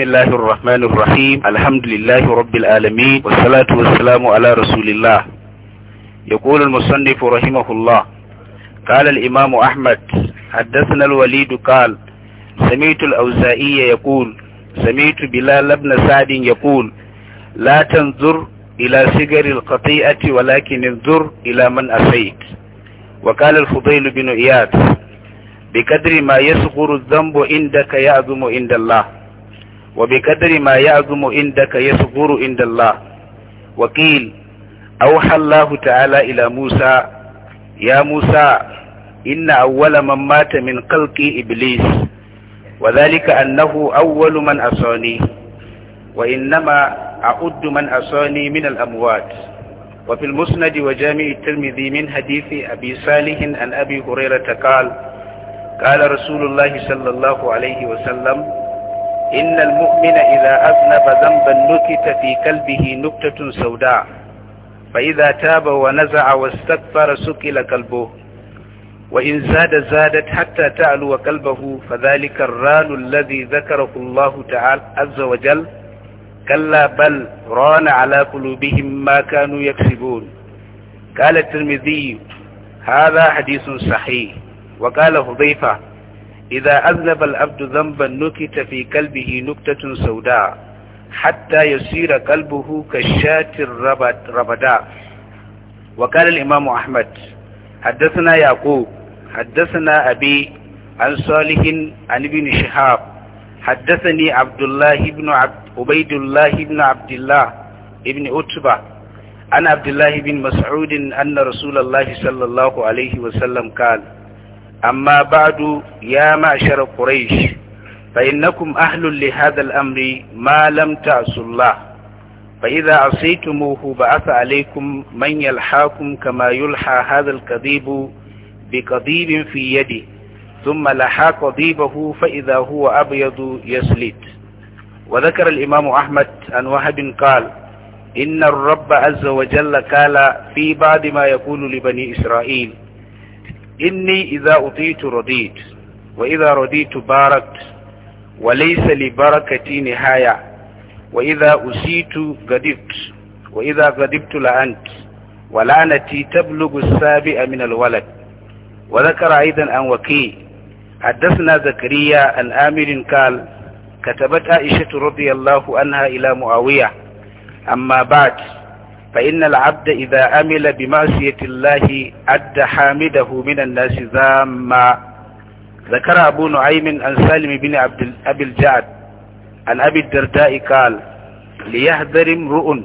بسم الله الرحمن الرحيم الحمد لله رب العالمين والصلاة والسلام على رسول الله يقول المصنف رحمه الله قال الإمام أحمد حدثنا الوليد قال سمعت الأوزائي يقول سمعت بلال بن سعد يقول لا تنظر إلى سجر القطيئة ولكن انظر إلى من أسيت وقال الفضيل بن إياد بقدر ما يصغر الذنب عندك يعظم عند الله وبقدر ما يعظم عندك يصغر عند الله وقيل أوحى الله تعالى إلى موسى يا موسى إن أول من مات من خلقي إبليس وذلك أنه أول من أصاني وإنما أعد من أصاني من الأموات وفي المسند وجامع الترمذي من حديث أبي صالح عن أبي هريرة قال قال رسول الله صلى الله عليه وسلم إن المؤمن إذا أذنب ذنبا نكت في كلبه نكتة سوداء فإذا تاب ونزع واستكبر سكل كلبه وإن زاد زادت حتى تعلو قلبه فذلك الران الذي ذكره الله تعالى عز وجل كلا بل ران على قلوبهم ما كانوا يكسبون قال الترمذي هذا حديث صحيح وقال حذيفه Iza aznaba al’abdu zamban nuki tafi kalbihi nuktatun sauda, hatta ya sira kalbuhu ka shatin rabada. Wa Imam Ahmad, haddasa Yaqub, haddasa Abi, an salihin an bin Shihab, haddasa ni Abdullahi ibn Ubaidullah ibn Abdullah ibn Utuba, an Abdullahi ibn Mas'udin an na Rasulallah sallallahu Alaihi wasallam kan. أما بعد يا معشر قريش فإنكم أهل لهذا الأمر ما لم تعصوا الله فإذا عصيتموه بعث عليكم من يلحاكم كما يلحى هذا الكذيب بقضيب في يده ثم لحى قضيبه فإذا هو أبيض يسلت وذكر الإمام أحمد عن وهب قال إن الرب عز وجل قال في بعد ما يقول لبني إسرائيل إني إذا أطيت رديت وإذا رديت باركت وليس لبركتي نهاية وإذا أسيت غدبت وإذا غدبت لأنت ولعنتي تبلغ السابع من الولد وذكر أيضا أن وكي حدثنا زكريا أن آمر قال كتبت عائشة رضي الله عنها إلى معاوية أما بعد فإن العبد إذا عمل بمعصية الله أدى حامده من الناس ذاما ذكر أبو نعيم عن سالم بن عبد أبي الجعد عن أبي الدرداء قال ليحذر امرؤ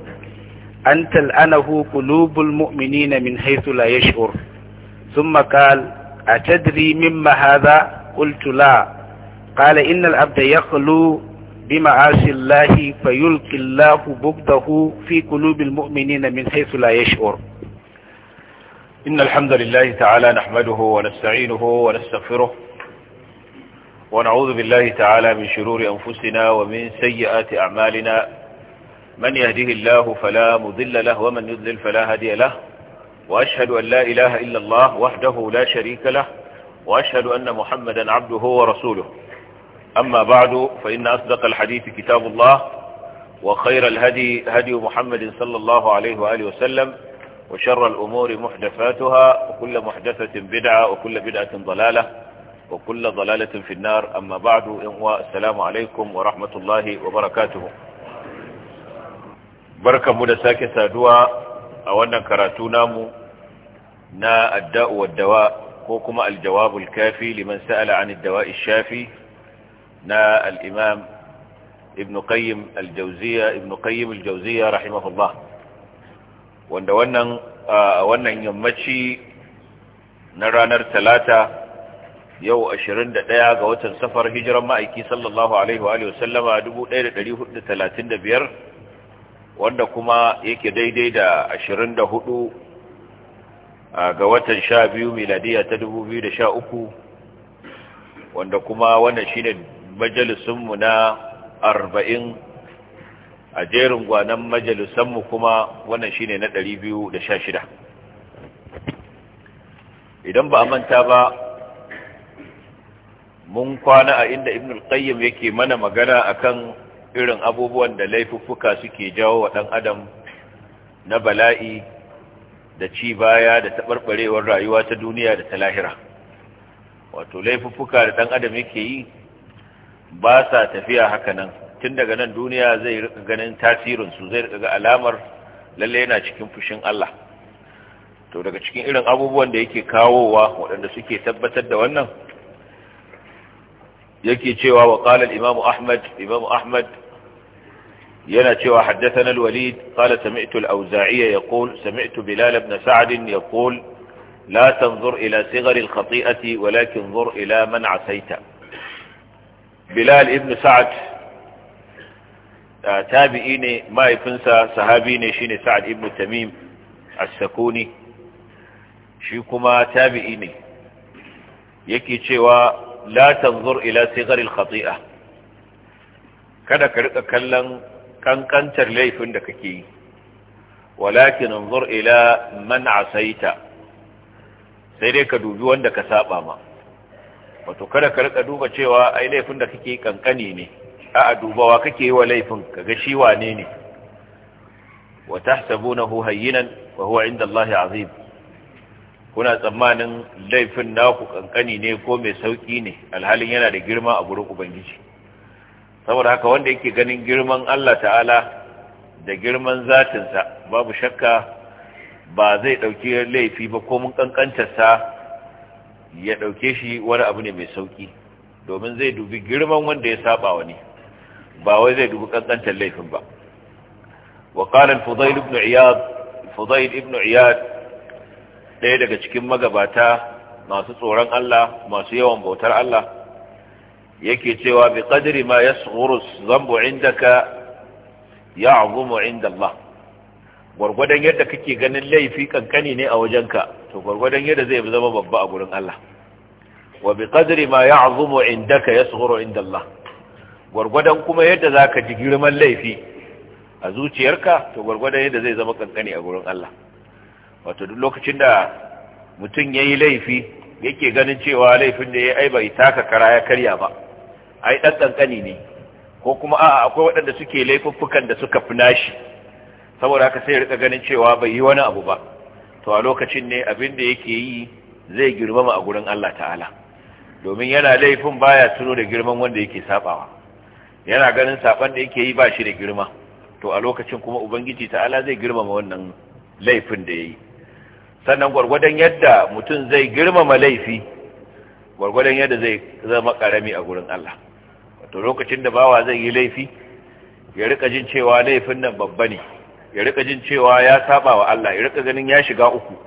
أن تلأنه قلوب المؤمنين من حيث لا يشعر ثم قال أتدري مما هذا قلت لا قال إن العبد يخلو بمعاصي الله فيلقي الله بغضه في قلوب المؤمنين من حيث لا يشعر إن الحمد لله تعالى نحمده ونستعينه ونستغفره ونعوذ بالله تعالى من شرور أنفسنا ومن سيئات أعمالنا من يهده الله فلا مضل له ومن يضلل فلا هادي له وأشهد أن لا إله إلا الله وحده لا شريك له وأشهد أن محمدا عبده ورسوله أما بعد فإن أصدق الحديث كتاب الله وخير الهدي هدي محمد صلى الله عليه وآله وسلم وشر الأمور محدثاتها وكل محدثة بدعة وكل بدعة ضلالة وكل ضلالة في النار أما بعد السلام عليكم ورحمة الله وبركاته بركة مدساكة سادوا أولا كراتونام نا الداء والدواء كوكما الجواب الكافي لمن سأل عن الدواء الشافي na al-imam ibn qayyim al-jawziya ibn qayyim al-jawziya rahimahullah wanda wannan wannan yammaci na ranar talata yau 21 ga watan safar hijiran ma'aiki sallallahu alaihi wa sallama 1435 wanda kuma yake daidai da 24 ga watan 12 miladiya ta 2013 wanda kuma wannan shine majalisunmu na arba'in a jerin gwanon mu kuma wannan shine na ɗari biyu da sha shida idan ba a manta ba mun kwana a inda ibn qayyim yake mana magana akan irin abubuwan da laifuffuka suke jawo wa ɗan adam na bala'i da ci baya da taɓarɓarewar rayuwa ta duniya da ta lahira wato laifuffuka da ɗan adam yake yi ba sa tafiya haka nan tun daga nan duniya zai rika ganin tasirinsu zai rika alamar lalle yana cikin fushin Allah to daga cikin irin abubuwan da yake kawowa waɗanda suke tabbatar da wannan yake cewa wa qala imam ahmad imam ahmad yana cewa haddasa al-walid qala sami'tu al-awza'i yaqul sami'tu bilal ibn sa'd yaqul la tanzur ila sighar al-khati'ati walakin zur ila man 'asayta bilal ibn sa'ad uh, tabi'i ne mahaifinsa sahabi ne shine sa'ad ibn tamim as-sakuni shi kuma tabi'i ne yake cewa la tanzur ila sigar al-khati'a kada ka rika kallon kankantar laifin da kake yi walakin anzur ila man asaita sai dai ka dubi wanda ka saba ma wato kada ka rika duba cewa ai laifin da kake kankani ne a'a dubawa kake yi wa laifin kaga shi wane ne wa tahsabunahu hayyinan wa huwa inda Allah azim kuna tsammanin laifin naku kankani ne ko mai sauki ne alhalin yana da girma a gurin ubangiji saboda haka wanda yake ganin girman Allah ta'ala da girman zatinsa babu shakka ba zai dauki laifi ba ko mun sa ya ɗauke shi wani abu ne mai sauƙi domin zai dubi girman wanda ya saba wani ba wai zai dubi ƙanƙantar laifin ba wa ƙalar fudail ibn iyad ɗaya daga cikin magabata masu tsoron Allah masu yawan bautar Allah yake cewa bi qadri ma ka?" Ya indaka ya'zumu inda Allah gwargwadon yadda kake ganin laifi kankani ne a wajenka to gwargwadon yadda zai zama babba a gurin Allah wa bi qadri ma ya'zumu indaka yasghuru inda Allah gwargwadon kuma yadda zaka ji girman laifi a zuciyarka to gwargwadon yadda zai zama kankani a gurin Allah wato duk lokacin da mutum yayi laifi yake ganin cewa laifin da yayi ai bai taka kara ya karya ba ai dan kankani ne ko kuma a'a akwai waɗanda suke laifuffukan da suka fi nashi saboda haka sai rika ganin cewa bai yi wani abu ba to a lokacin ne abin da yake yi zai girmama a gurin Allah ta'ala domin yana laifin baya tuno da girman wanda yake sabawa yana ganin saban da yake yi ba shi da girma to a lokacin kuma ubangiji ta'ala zai girmama wannan laifin da yayi sannan gurgurdan yadda mutum zai girmama laifi gurgurdan yadda zai zama karami a gurin Allah to lokacin da bawa zai yi laifi ya rika jin cewa laifin nan babba ne ya rika jin cewa ya saba wa Allah ya rika ganin ya shiga uku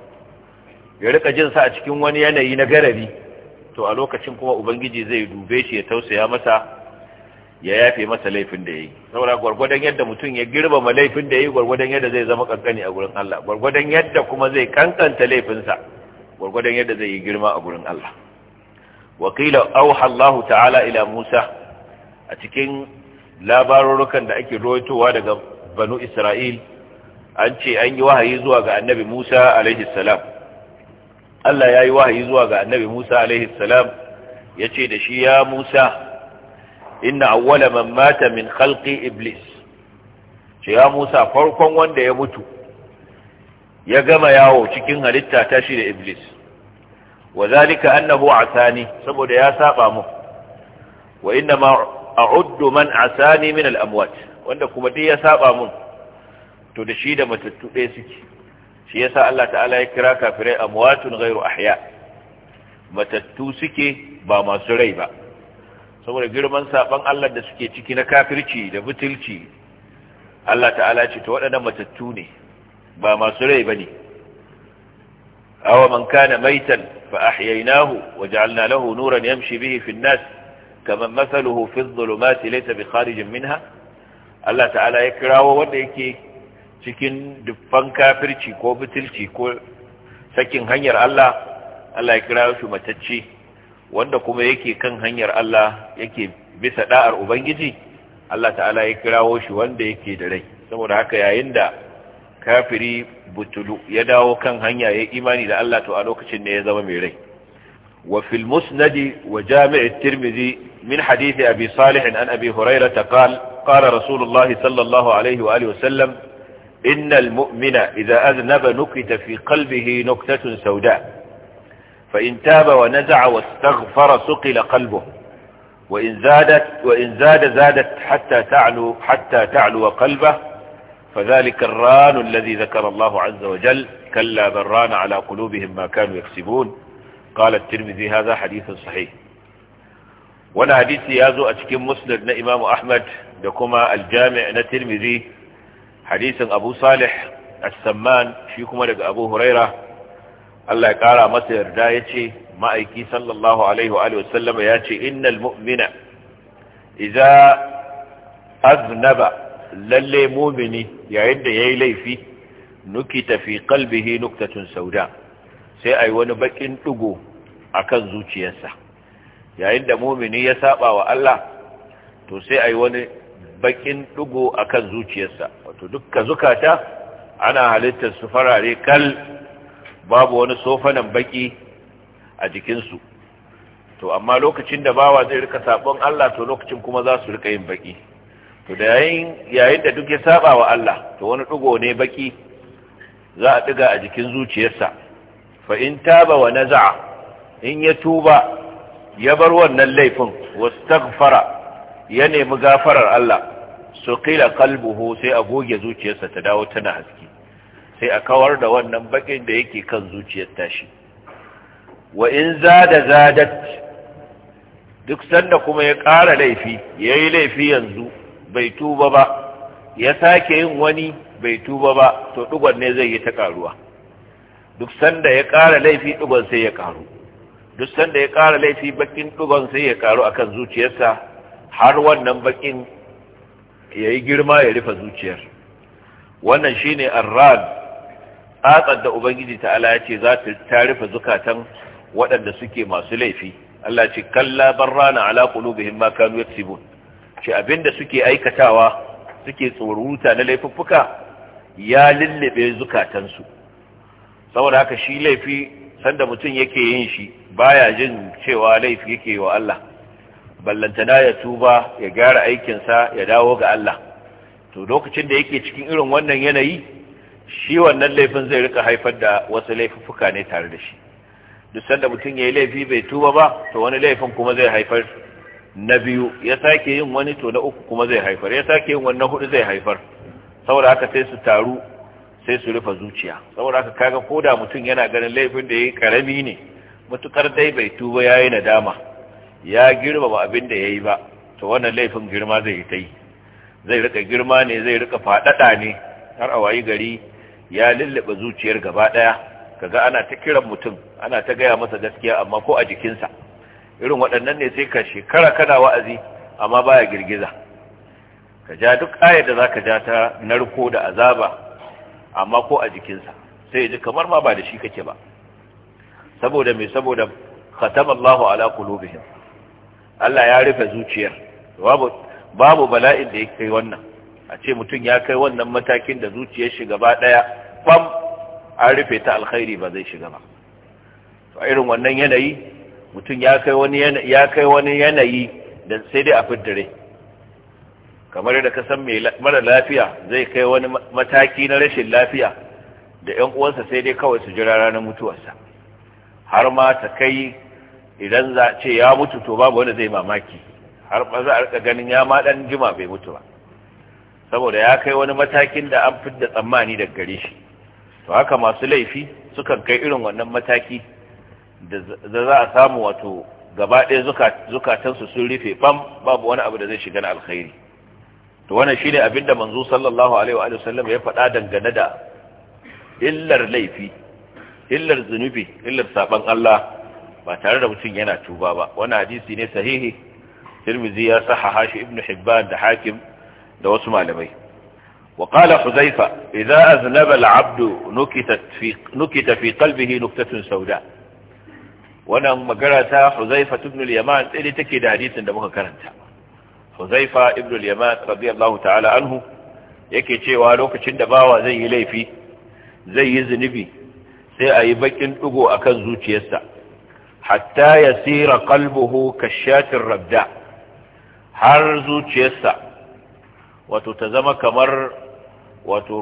ya rika jin sa a cikin wani yanayi na garari to a lokacin kuma ubangiji zai dube shi ya tausaya masa ya yafe masa laifin da yayi saboda gurgurdan yadda mutum ya ma laifin da yayi gurgurdan yadda zai zama kankani a gurin Allah gurgurdan yadda kuma zai kankanta laifin sa gurgurdan yadda zai yi girma a gurin Allah wakila auha Allah ta'ala ila Musa a cikin labarurukan da ake rawaitowa daga banu Isra'il an ce an yi wahayi zuwa ga annabi Musa alaihi salam Allah ya yi wahayi zuwa ga annabi Musa alaihi salam ya ce da shi ya Musa inna awwala man mata min khalqi iblis ce ya Musa farkon wanda ya mutu ya gama yawo cikin halitta ta shi da iblis wa zalika annahu asani saboda ya saba mu wa inna ma a'uddu man asani min al-amwat wanda kuma dai ya saba mun to da shi da matattu ɗaya suke shi yasa Allah ta'ala ya kira kafirai amwatun gairu ahya matattu suke ba masu rai ba saboda girman saɓan Allah da suke ciki na kafirci da butulci Allah ta'ala ce ta waɗannan matattu ne ba masu rai bane awa man kana maitan fa ahyaynahu waja'alna lahu nuran yamshi bihi fi an-nas kaman mathaluhu fi adh-dhulumati laysa bi kharijin minha Allah ta'ala ya kirawo wanda yake cikin dubban kafirci ko butulci ko sakin hanyar Allah Allah ya kira shi matacce wanda kuma yake kan hanyar Allah yake bisa da'ar ubangiji Allah ta'ala ya kirawo shi wanda yake da rai saboda haka yayin da kafiri butulu ya dawo kan hanya ya imani da Allah to a lokacin ne ya zama mai rai Wa المسند وجامع الترمذي من حديث أبي صالح an أبي هريرة قال قال رسول الله صلى الله إن المؤمن إذا أذنب نكت في قلبه نكتة سوداء فإن تاب ونزع واستغفر سقل قلبه وإن, زادت وإن زاد زادت حتى تعلو, حتى تعلو قلبه فذلك الران الذي ذكر الله عز وجل كلا بل ران على قلوبهم ما كانوا يكسبون قال الترمذي هذا حديث صحيح وانا حديثي يازو اتكم مسند إمام أحمد دكما الجامع نترمذي hadisin abu salih as-samman shi kuma daga abu huraira Allah ya kara masa yarda ya ce ma'aiki sallallahu alaihi wa sallama ya ce innal mu'mina iza aznaba lalle mumini yayin da ya yi laifi nukita fi kalbihi nuktatun sauda sai ayi wani bakin ɗigo a kan zuciyarsa yayin da mumini ya saba wa Allah to sai a wani bakin dugo akan zuciyarsa wato dukka zukata ana halittar su farare kal babu wani sofanan baki a jikinsu to amma lokacin da bawa zai rika sabon Allah to lokacin kuma za su rika yin baki to da yayin yayin da duk ya saba wa Allah to wani dugo ne baki za a diga a jikin zuciyarsa fa in taba wa naza'a in ya tuba ya bar wannan laifin wastaghfara ya nemi gafarar Allah su qila qalbuhu sai a goge zuciyarsa ta dawo tana haske sai a kawar da wannan bakin da yake kan zuciyar tashi wa in zada zadat duk sanda kuma ya ƙara laifi ya yi laifi yanzu bai tuba ba ya sake yin wani bai tuba ba to ɗugon ne zai yi ta ƙaruwa. duk sanda ya ƙara laifi ɗugon sai ya ƙaru. duk sanda ya ƙara laifi bakin ɗugon sai ya ƙaru akan zuciyarsa har wannan bakin ya yi girma ya rufe zuciyar wannan shi ne arrad tsatsar da ubangiji ta'ala ya ce za ta rufe zukatan waɗanda suke masu laifi Allah ce kalla barrana ala qulubihim ma kanu yaksibun ce abinda suke aikatawa suke tsoruta na laifuffuka ya lullube zukatansu saboda haka shi laifi sanda mutum yake yin shi baya jin cewa laifi yake yi wa Allah ballantana ya tuba ya gyara aikinsa ya dawo ga Allah to lokacin da yake cikin irin wannan yanayi shi wannan laifin zai rika haifar da wasu laifuffuka ne tare da shi duk sanda mutum ya yi laifi bai tuba ba to wani laifin kuma zai haifar na biyu ya sake yin wani to na uku kuma zai haifar ya sake yin wannan hudu zai haifar saboda haka sai su taru sai su rufe zuciya saboda haka kaga koda mutum yana ganin laifin da ya yi karami ne mutukar dai bai tuba yayi nadama ya girmama abin da ya yi ba to wannan laifin girma zai yi ta yi zai rika girma ne zai rika fadada ne har a wayi gari ya lullube zuciyar gaba daya kaga ana ta kiran mutum ana ta gaya masa gaskiya amma ko a jikinsa irin waɗannan ne sai ka shekara kana wa'azi amma baya girgiza ka ja duk ayar da zaka ja ta narko da azaba amma ko a jikinsa sai ji kamar ma ba da shi kake ba saboda me saboda khatama Allahu ala qulubihim Allah ya rufe zuciyar babu babu bala'in da ya kai wannan a ce mutum ya kai wannan matakin da zuciyar shi gaba daya bam an rufe ta alkhairi ba zai shiga ba to irin wannan yanayi mutum ya kai wani ya kai wani yanayi da sai dai a fiddare kamar da ka san mara lafiya zai kai wani mataki na rashin lafiya da ƴan uwansa sai dai kawai su jira ranar mutuwarsa har ma ta kai idan za ce ya mutu to babu wanda zai mamaki har ba za a rika ganin ya ma dan jima bai mutu ba saboda ya kai wani matakin da an fidda tsammani daga gare shi to haka masu laifi sukan kai irin wannan mataki da za a samu wato gaba ɗaya zukatansu sun rufe fam babu wani abu da zai shiga na alkhairi to wannan shine abin da manzo sallallahu alaihi wa sallam ya faɗa dangane da illar laifi illar zunubi illar saban Allah ba tare da mutum yana tuba ba wani hadisi ne sahihi tirmizi ya sahaha shi Ibn hibban da hakim da wasu malamai wa qala huzaifa idza aznaba al-abdu nukita fi qalbihi nuktatun sauda wannan magana ta huzaifa ibn al-yaman sai take da hadisin da muka karanta huzaifa ibn al-yaman radiyallahu ta'ala anhu yake cewa lokacin da bawa zai yi laifi zai yi zunubi sai a yi bakin dugo akan zuciyarsa hatta ya tsira kalbuhu kashatin rabda har zuciyarsa wato ta zama kamar wato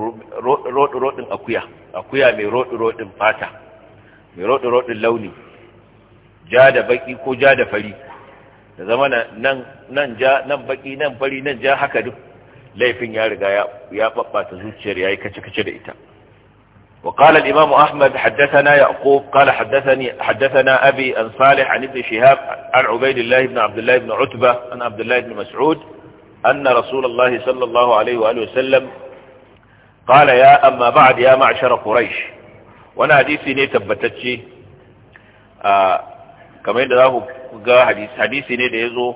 roɗin akuya akuya mai roɗi-roɗin fata mai roɗi-roɗin launi ja da baƙi ko ja da fari da zama nan ja nan baki nan fari nan ja haka duk laifin ya riga ya ɓaɓɓata zuciyar ya yi kace-kace da ita وقال الإمام أحمد حدثنا يعقوب قال حدثني حدثنا أبي عن صالح عن ابن شهاب عن عبيد الله بن عبد الله بن عتبة عن عبد الله بن مسعود أن رسول الله صلى الله عليه وآله وسلم قال يا أما بعد يا معشر قريش وانا حديثي ne tabbatacce a kamar yadda za ku ga hadisi ne da ya zo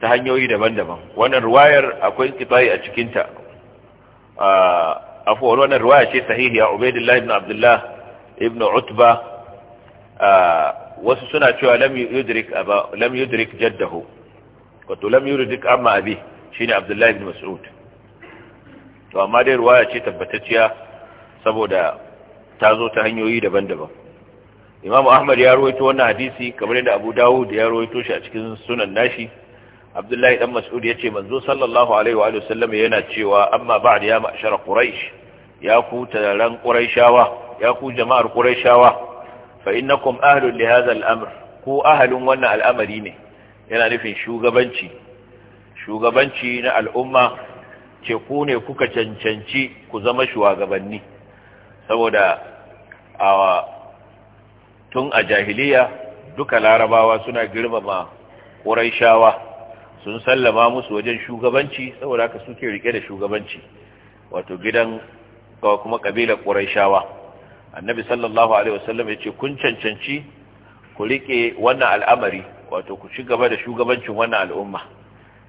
ta hanyoyi daban-daban wannan ruwayar akwai kitai a cikinta afuwar wannan ruwa ce sahihi a ubaidillah ibn abdullah ibn utba wasu suna cewa lam yudrik jaddahu wato lam yudrik amma abi shine abdullah ibn mas'ud to amma dai ya ce tabbatacciya saboda ta zo ta hanyoyi daban-daban imam ahmad ya ruwaito wannan hadisi kamar yadda abu dawud ya ruwaito shi a cikin sunan nashi abdullahi dan mas'ud yace manzo sallallahu alaihi wa alihi wasallam yana cewa amma ba'd ya ma'shara quraish ya ku taran quraishawa ya ku jama'ar quraishawa fa innakum ahlun li hadha al-amr ku ahlun wannan al'amari ne yana nufin shugabanci shugabanci na al'umma ce ku ne kuka cancanci ku zama shugabanni saboda a tun a jahiliya duka larabawa suna girmama ƙuraishawa sun sallama musu wajen shugabanci saboda haka suke rike da shugabanci wato gidan kuma kabilar quraishawa annabi sallallahu alaihi wasallam yace kun cancanci ku rike wannan al'amari wato ku ci gaba da shugabancin wannan al'umma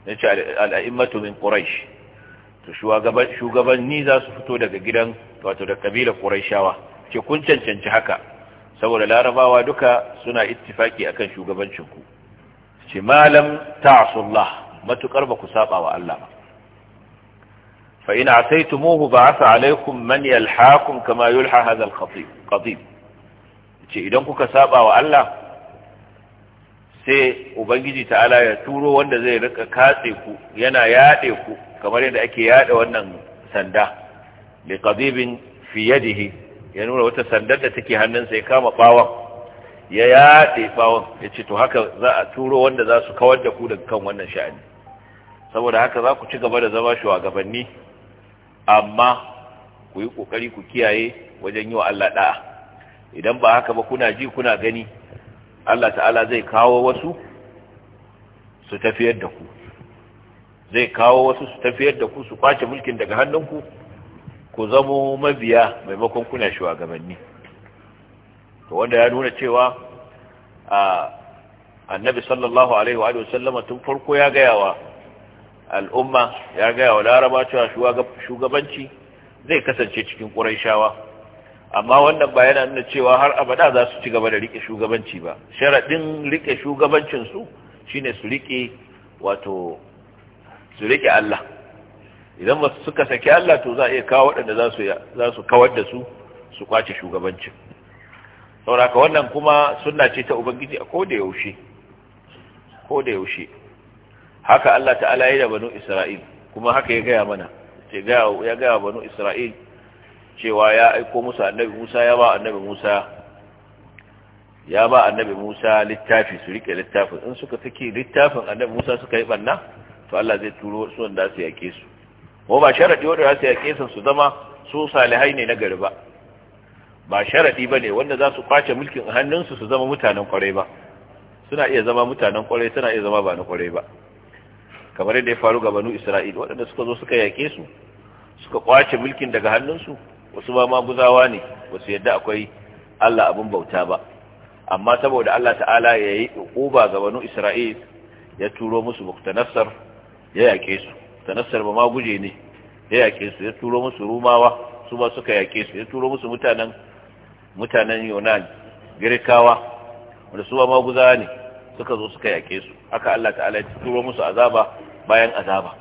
yace al'a'immatu min quraish to shugaban shugabanni za su fito daga gidan wato da kabilar quraishawa ce kun cancanci haka saboda larabawa duka suna ittifaki akan shugabancin ku ce malam ta'asullah matukar ba ku saba wa Allah ba fa in asaitumuhu ba'atha alaikum man yalhaqum kama yulha hadha al ce idan kuka saba wa Allah sai ubangiji ta'ala ya turo wanda zai rika katse ku yana yade ku kamar yadda ake yada wannan sanda li qadibin fi yadihi ya nuna wata sandar da take hannunsa ya kama bawan ya yaɗe bawon ya ce to haka za a turo wanda za su kawar da ku daga kan wannan sha'ani saboda haka za ku ci gaba da zama shugabanni amma ku yi ƙoƙari ku kiyaye wajen yi wa Allah ɗa'a idan ba haka ba kuna ji kuna gani Allah ta'ala zai kawo wasu su tafiyar da ku zai kawo wasu su tafiyar da ku su kwace mulkin daga hannunku ku zamo mabiya maimakon kuna shugabanni to wanda ya nuna cewa annabi sallallahu alaihi wa sallama tun farko ya ga yawa al'umma ya gayawa wa laraba cewa shugabanci zai kasance cikin ƙuraishawa amma wannan ba yana nuna cewa har abada za su ci gaba da rike shugabanci ba sharaɗin rike shugabancinsu shine su rike wato su rike Allah idan ba suka saki Allah to za a iya kawo waɗanda za su kawar da su su kwace shugabancin sauraka wannan kuma sunna ce ta ubangiji a koda yaushe koda yaushe haka Allah ta'ala ya da banu Isra'il kuma haka ya gaya mana ce ya gaya banu Isra'il cewa ya aiko musa annabi Musa ya ba annabi Musa ya ba annabi Musa littafi su rike littafin in suka take littafin annabi Musa suka yi banna to Allah zai turo su wanda su yake su ko ba sharadi wanda su yake su su zama su salihai ne na gari ba ba sharadi bane wanda za su kwace mulkin a hannunsu su zama mutanen kwarai ba suna iya zama mutanen kwarai suna iya zama ba na kwarai ba kamar yadda ya faru ga banu Isra'il waɗanda suka zo suka yake su suka kwace mulkin daga hannunsu wasu ba maguzawa ne wasu yadda akwai Allah abin bauta ba amma saboda Allah ta'ala ya yi uba ga banu Isra'il ya turo musu muktanassar ya yake su muktanassar ba maguje ne ya yake su ya turo musu rumawa su ba suka yake su ya turo musu mutanen mutanen yunani girkawa wanda su ba ne suka zo suka yake su aka Allah ta'ala ya turo musu azaba bayan azaba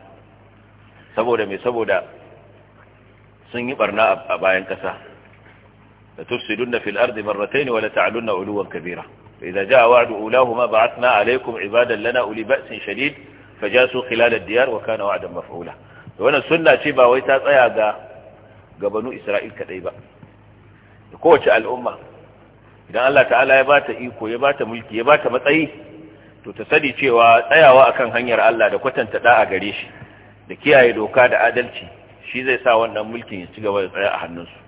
saboda mai saboda sun yi barna a bayan kasa da tufsidun na fil ardi marratai ne wala ta'alun uluwan kabira idan ja wa'adu ulahu ma ba'athna alaikum ibadan lana uli ba'sin shadid fajasu khilal ad-diyar wa kana Da maf'ula wannan sunna ce ba wai ta tsaya ga ga banu isra'il kadai ba da kowace al'umma idan Allah ta'ala ya bata iko ya bata mulki ya bata matsayi to ta sani cewa tsayawa akan hanyar Allah da kwatanta da'a gare shi da kiyaye doka da adalci shi zai sa wannan mulkin ya ci gaba da tsaya a hannunsu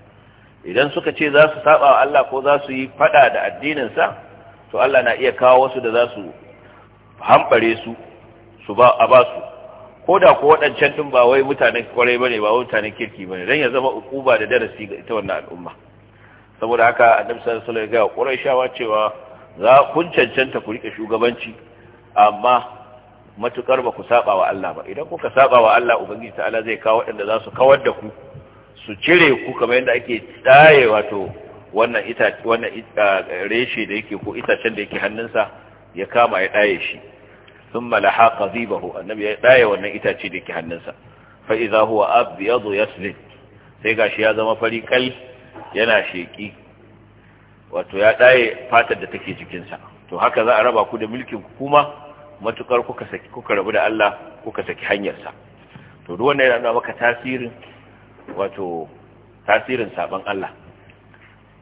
idan suka ce za su saba wa Allah ko za su yi fada da addininsa to Allah na iya kawo wasu da za su hambare su su ba a ba su ko da ko waɗancan ɗin ba wai mutanen kwarai bane ba mutanen kirki bane don ya zama ba da darasi ga ita wannan al'umma saboda haka annabi sallallahu alaihi wasallam ya quraishawa cewa za kun cancanta ku rike shugabanci amma matukar ba ku saba wa Allah ba idan kuka saba wa Allah ubangiji ta'ala zai kawo wanda za su kawar da ku su cire ku kamar yadda ake tsaye wato wannan ita wannan reshe da yake ko itacen da yake hannunsa ya kama ya daye shi thumma lahaqa dhibahu annabi ya daye wannan itace da yake hannunsa fa idza huwa abyadu yaslid sai gashi ya zama fari kai yana sheƙi wato ya ɗaye fatar da take jikinsa to haka za a raba ku da mulkin ku kuma matukar kuka saki kuka rabu da Allah kuka saki hanyarsa to duk wannan yana maka tasirin wato tasirin saban Allah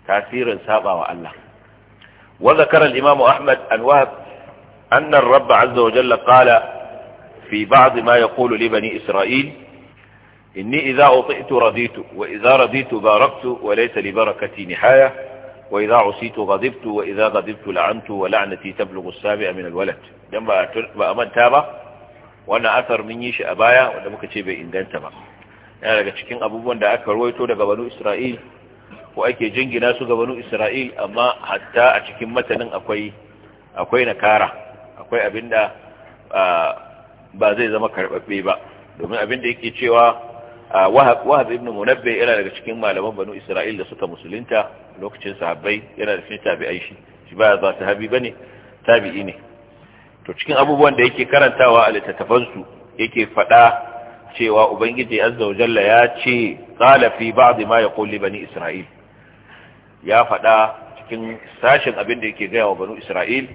tasirin sabawa Allah wa zakara al-imam Ahmad an wahab anna ar-rabb azza wa jalla qala fi ba'd ma yaqulu li bani isra'il إني إذا أطئت رضيت وإذا رضيت باركت وليس لبركتي نهاية وإذا عصيت غضبت وإذا غضبت لعنت ولعنتي تبلغ السابع من الولد دم بأمان تابا وانا أثر مني شأبايا وانا مكتب إن دانت ما يعني لك تشكين أبوبوان دا أكبر ويتو دا بنو إسرائيل وأكي جنجي ناسو بنو إسرائيل أما حتى أتشكين متنن أكوي أكوي نكارة أكوي أبن دا ba zai zama karɓaɓɓe ba domin abin da yake cewa Ah, wahab ibn munabbi yana daga cikin malaman banu isra'il da suka musulunta lokacin sahabbai yana da cikin tabi'ai shi shi ba za ta habi bane tabi'i ne to cikin abubuwan da yake karantawa a littattafan su yake fada cewa ubangiji azza wa jalla ya ce qala fi ba'd ma yaqul li bani isra'il ya fada cikin sashin abin da yake gaya wa banu isra'il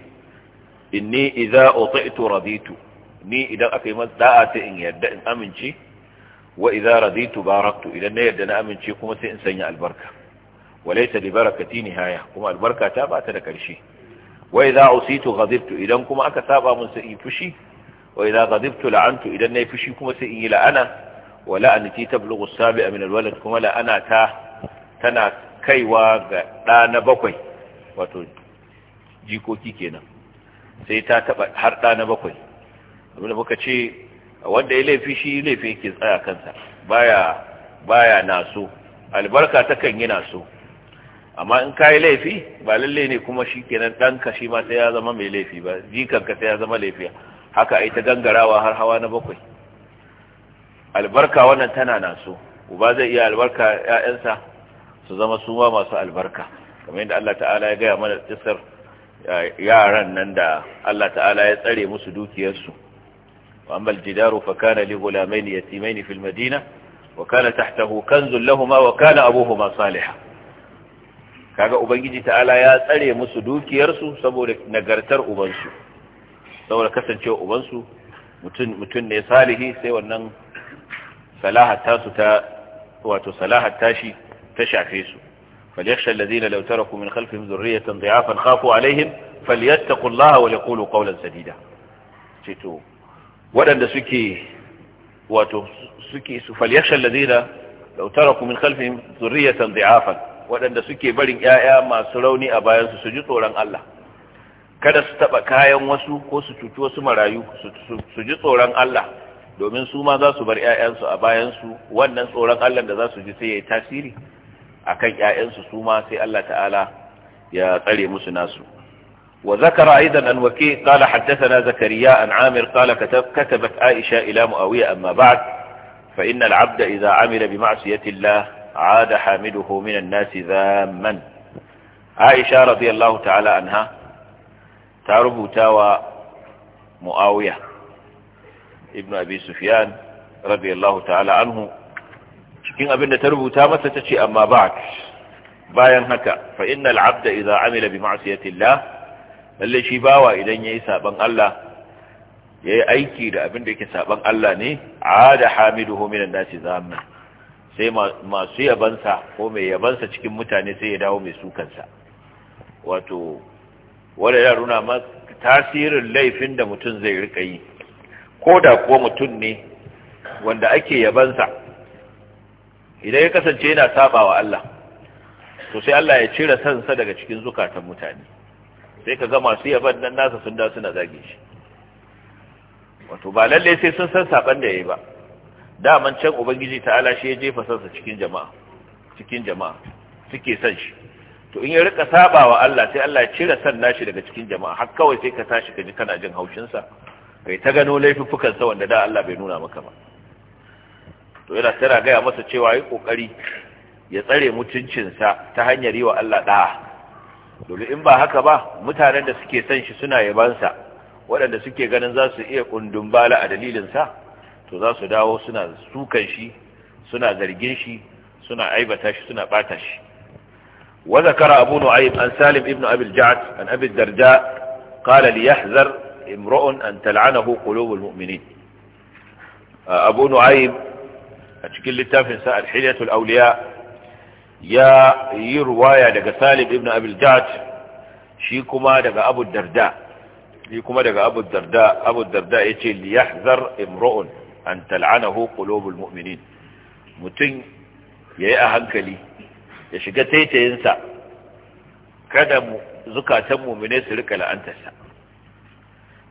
inni idza uti'tu raditu ni idan aka yi masa da'a in yarda in amince wa idza raditu baraktu idan na yadda na amince kuma sai in sanya albarka walaysa li barakati nihaya kuma albarka ta bata da karshe wa idza usitu ghadibtu idan kuma aka saba mun sai in fushi wa idza ghadibtu la'antu idan na yi fushi kuma sai in yi la'ana wa la'anati tablughu as-sabi'a min al-walad kuma la'ana ta tana kaiwa ga ɗa na bakwai wato jikoki kenan sai ta taba har ɗa na bakwai abinda muka ce wanda ya laifi shi laifi yake tsaya kansa baya baya naso albarka takan yi naso amma in kai laifi ba lalle ne kuma shi shikenan danka shi ma sai ya zama mai laifi ba jikanka sai ya zama laifi haka ai ta gangarawa har hawa na bakwai albarka wannan tana naso uba zai iya albarka ƴaƴansa su zama su ma masu albarka kamar yadda Allah ta'ala ya gaya mana tsisar eh, yaran nan da Allah ta'ala ya tsare musu dukiyarsu وأما الجدار فكان لغلامين يتيمين في المدينة وكان تحته كنز لهما وكان أبوهما صالحا kaga ubangiji ta'ala ya tsare musu dukiyarsu saboda nagartar ubansu saboda kasancewa ubansu mutum mutum ne salihi sai wannan salahat tasu ta wato salahat tashi ta shafe su falyakhsha alladhina law taraku min khalfihim dhurriyatan dha'afan khafu alaihim falyattaqullaha wa yaqulu qawlan sadida waɗanda suke wato suke su falyakshal ladina law taraku min khalfihim zurriyatan dha'afan waɗanda suke barin 'ya'ya masu rauni a bayan su su ji tsoron Allah kada su taɓa kayan wasu ko su cuci wasu marayu su ji tsoron Allah domin su ma za su bar ƴaƴansu a bayan wannan tsoron Allah da za su ji sai ya tasiri akan ƴaƴansu su ma sai Allah ta'ala ya tsare musu nasu وذكر أيضا أن وكيه قال حدثنا زكريا أن عامر قال كتب كتبت عائشة إلى مؤوية أما بعد فإن العبد إذا عمل بمعصية الله عاد حامده من الناس ذاما عائشة رضي الله تعالى عنها تاوى ومؤاوية ابن أبي سفيان رضي الله تعالى عنه cikin أبن تعرف تاوى تتشي أما بعد باين هكا فإن العبد إذا عمل بمعصية الله lalle shi bawa idan yayi saban Allah yayi aiki da abin da yake saban Allah ne ada hamiduhu minan nasi zamma sai masu yabansa ko mai yabansa cikin mutane sai ya dawo mai sukansa wato wanda ya runa ma tasirin laifin da mutum zai rika yi ko da kuwa mutum ne wanda ake yabansa idan ya kasance yana saba wa Allah to sai Allah ya cire sansa daga cikin zukatan mutane sai ka ga masu yaban nan nasa sun da suna zage shi wato ba lalle sai sun san saban da yayi ba daman can ubangiji ta'ala shi ya jefa sansa cikin jama'a cikin jama'a suke san shi to in ya rika sabawa Allah sai Allah ya cire san nashi daga cikin jama'a har kawai sai ka tashi ka ji kana jin haushin sa kai ta gano laifukan sa wanda da Allah bai nuna maka ba to yana tsara ga ya masa cewa yi kokari ya tsare mutuncin sa ta hanyar yi wa Allah da'a domin in ba haka ba mutanen da suke son shi suna yabansa waɗanda suke ganin za su iya ƙundun bala a dalilinsa to za su dawo suna sukan shi suna zargin shi suna aibata shi suna ɓata shi wa zakara abu nu'aib an salim ibn abil ja'ad an abi darda qala li yahzar imra'un an tal'anahu qulubul mu'minin abu nu'aib a cikin littafin sa al-hilyatul ya yi ruwaya daga salim ibn abil shi kuma daga abu darda shi kuma daga abu darda abu darda ya ce liyahzar imro'un an tal'anahu qulubul mu'minin mutum ya yi a hankali ya shiga taitayinsa kada mu zukatan mummune su rika la'antarsa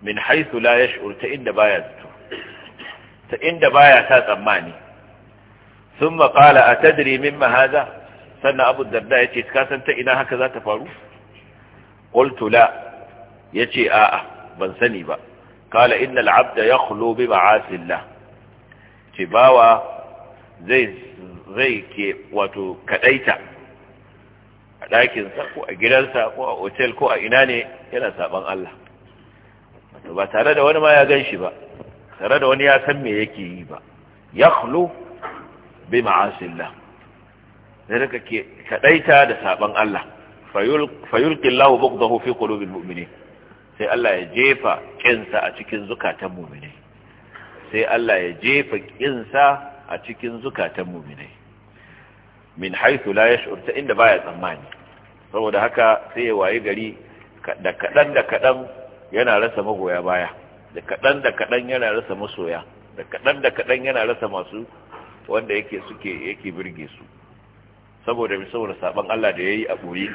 min haithu la yash'ur ta inda baya zato ta inda baya ta tsammani ثم قال أتدري مما هذا sannan abu darda ya ce ka san ta ina haka za ta faru qultu ya ce a'a ban sani ba kala inna al'abda ya khulu bi ma'asillah ce bawa zai zai ke wato kadaita a ɗakinsa ko a gidansa ko a otel ko a ina ne yana saban Allah ba tare da wani ma ya gan shi ba tare da wani ya san me yake yi ba ya khulu bi ma'asillah da daga ke kadaita da saban Allah fayulqi Allahu bughdahu fi qulubil mu'minin sai Allah ya jefa kinsa a cikin zukatan mu'minai sai Allah ya jefa kinsa a cikin zukatan mu'minai min haythu la yash'ur ta inda baya tsammani saboda haka sai ya waye gari da kadan da kadan yana rasa magoya baya da kadan da kadan yana rasa masoya da kadan da kadan yana rasa masu wanda yake suke yake birge su saboda mai saboda saban Allah da yayi a boye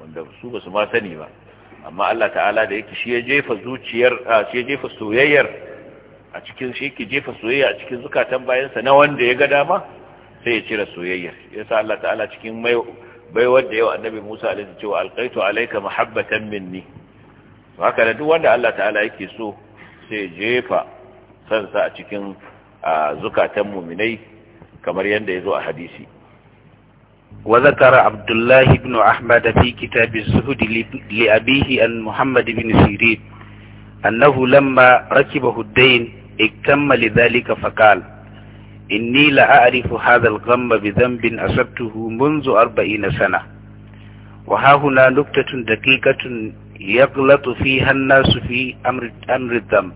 wanda su ba su ma sani ba amma Allah ta'ala da yake shi ya jefa zuciyar shi ya jefa soyayyar a cikin shi yake jefa soyayya a cikin zukatan bayansa na wanda ya ga dama sai ya cire soyayyar yasa Allah ta'ala cikin mai baiwar da yawa annabi Musa alaihi cewa alqaitu alayka mahabbatan minni to haka da duk wanda Allah ta'ala yake so sai jefa sansa a cikin zukatan muminai kamar yadda ya zo a hadisi وذكر عبد الله بن أحمد في كتاب الزهد لأبيه أن محمد بن سيرين أنه لما ركبه الدين اكتم لذلك فقال إني لأعرف هذا الغم بذنب أصبته منذ أربعين سنة وها هنا نكتة دقيقة يغلط فيها الناس في أمر, أمر الذنب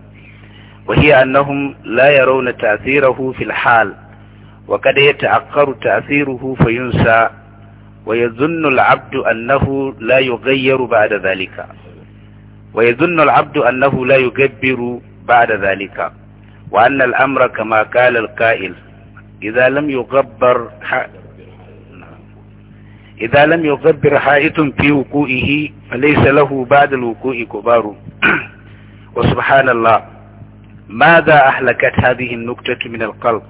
وهي أنهم لا يرون تأثيره في الحال وقد يتعقر تأثيره فينسى ويظن العبد أنه لا يغير بعد ذلك ويظن العبد أنه لا يكبر بعد ذلك وأن الأمر كما قال القائل إذا لم يغبر إذا لم يغبر حائط في وقوعه فليس له بعد الوقوع كبار وسبحان الله ماذا أهلكت هذه النكتة من القلب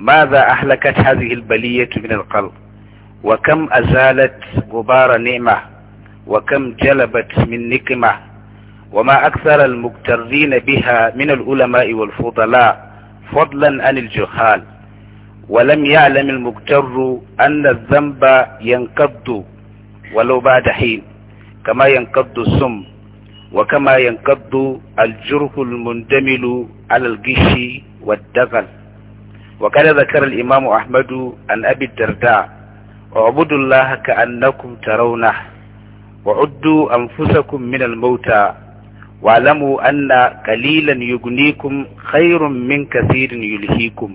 ماذا أهلكت هذه البلية من القلب وكم أزالت غبار نعمة وكم جلبت من نقمة وما أكثر المكترين بها من العلماء والفضلاء فضلا عن الجهال ولم يعلم المكتر أن الذنب ينقض ولو بعد حين كما ينقض السم وكما ينقض الجرح المندمل على الجيش والدغل وقال ذكر الإمام أحمد عن أبي الدرداء اعبدوا الله كأنكم ترونه وعدوا أنفسكم من الموتى واعلموا أن قليلا يغنيكم خير من كثير يلهيكم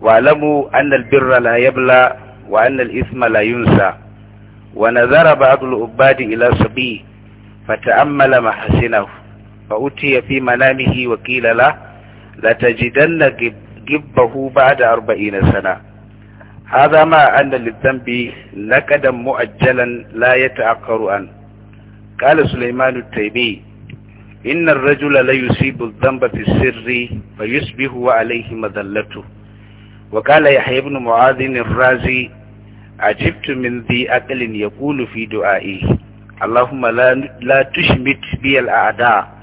واعلموا أن البر لا يبلى وأن الإثم لا ينسى ونذر بعض العباد إلى صبي فتأمل محاسنه فأتي في منامه وقيل له لتجدن جبه بعد أربعين سنة هذا ما أن للذنب نكدا مؤجلا لا يتأخر عنه قال سليمان التيمي إن الرجل ليصيب الذنب في السر فيسبه وعليه مذلته وقال يحيى بن معاذ الرازي عجبت من ذي أقل يقول في دعائه اللهم لا, لا تشمت بي الأعداء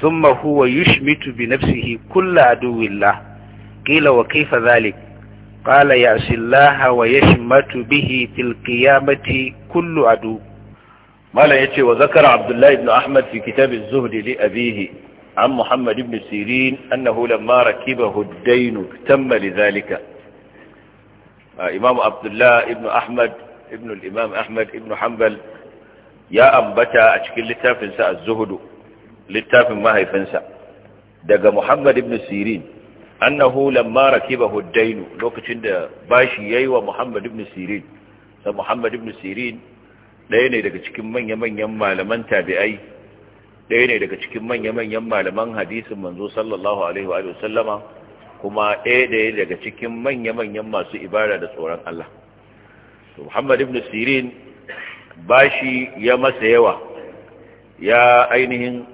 ثم هو يشمت بنفسه كل عدو الله قيل وكيف ذلك قال يأس الله ويشمت به في القيامة كل عدو ما لا يتي وذكر عبد الله بن أحمد في كتاب الزهد لأبيه عن محمد بن سيرين أنه لما ركبه الدين اكتم لذلك آه، إمام عبد الله بن أحمد ابن الإمام أحمد بن حنبل يا أنبتا أشكل لتافنسا الزهد لتافن ما هي فنسا دق محمد بن سيرين annahu lamma rakibahu ad dain lokacin da bashi yayi wa Muhammad ibn Sirin da Muhammad ibn Sirin ɗaya ne daga cikin manya-manyan malaman tabi'ai ɗaya ne daga cikin manya-manyan malaman hadisin manzo sallallahu alaihi wa sallama kuma ɗaya ɗaya daga cikin manya-manyan masu ibada da tsoron Allah Muhammad ibn Sirin bashi ya masa yawa ya ainihin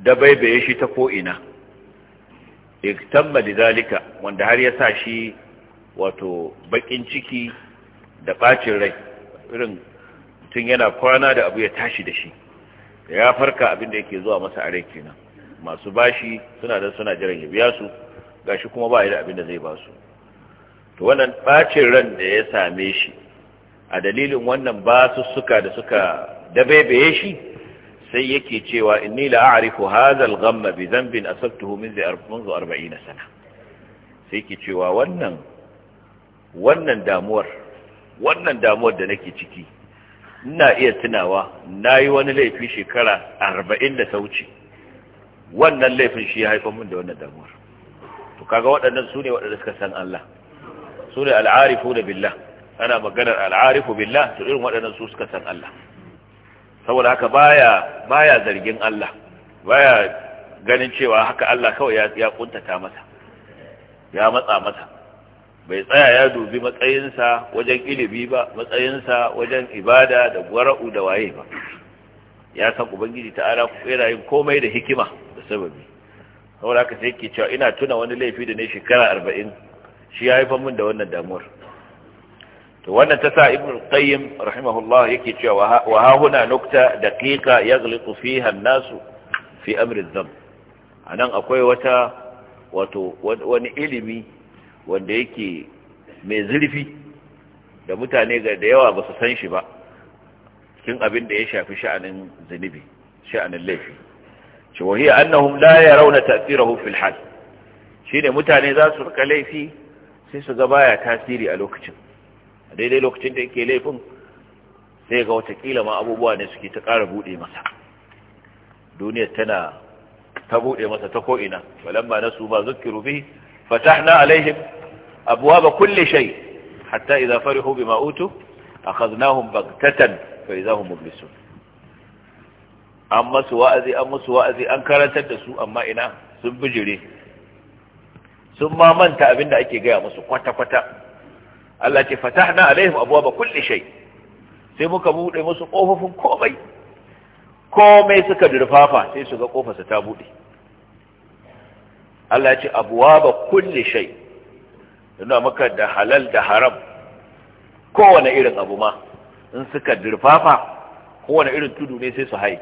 dabaibaye shi ta ko'ina iktamma da zalika wanda har ya sa shi wato bakin ciki da bacin rai irin tun yana kwana da abu ya tashi da shi ya farka abin da yake zuwa masa a rai kenan masu bashi suna da suna jiran ya biya su gashi kuma ba da abin da zai ba su to wannan bacin ran da ya same shi a dalilin wannan ba su suka da suka dabebe shi sai yake cewa inni la a'rifu hadha al-ghamma bi dhanbin asabtuhu منذ na sana sai yake cewa wannan wannan damuwar wannan damuwar da nake ciki ina iya tunawa na yi wani laifi shekara arba'in da ta wuce wannan laifin shi ya haifar min da wannan damuwar to kaga waɗannan su ne waɗanda suka san Allah su ne al'arifu da billah ana maganar al'arifu billah to irin waɗannan su suka san Allah saboda haka baya baya zargin Allah baya ganin cewa haka Allah kawai ya ya kuntata masa ya matsa masa bai tsaya ya dubi matsayinsa wajen ilimi ba matsayinsa wajen ibada da gwara'u da waye ba ya san ubangiji ta ta'ala yana yin komai da hikima da sababi saboda haka sai yake cewa ina tuna wani laifi da ne shekara arba'in shi ya haifar min da wannan damuwar to wannan ta sa ibn qayyim rahimahullah yake cewa wa ha huna nukta daqiqa yaghliqu fiha an-nasu fi amri adh anan akwai wata wato wani ilimi wanda yake mai zurfi da mutane ga da yawa ba su san shi ba cikin abin da ya shafi sha'anin zunubi sha'anin laifi ce wahiya annahum la yarawna ta'thirahu fil hal shine mutane za su rika laifi sai su ga baya tasiri a lokacin a daidai lokacin da yake laifin sai ga watakila ma abubuwa ne suke ta ƙara buɗe masa Duniya tana ta buɗe masa ta ko'ina walamma na su ba zukiru bihi fatahna alaihim abuwa ba kulle shai, hatta fari farihu bima utu akhadnahum baghtatan fa idza hum mublisun an masu wa'azi an musu wa'azi an karantar da su amma ina sun bijire sun ma manta da ake gaya musu kwata-kwata Allah ce fatahna alaihim ba kulli shay sai muka buɗe musu ƙofofin komai komai suka durfafa sai su ga kofarsa ta buɗe. Allah ce abwaaba kulli shay yana maka da halal da haram kowane irin abu ma in suka durfafa kowane irin tudu ne sai su haye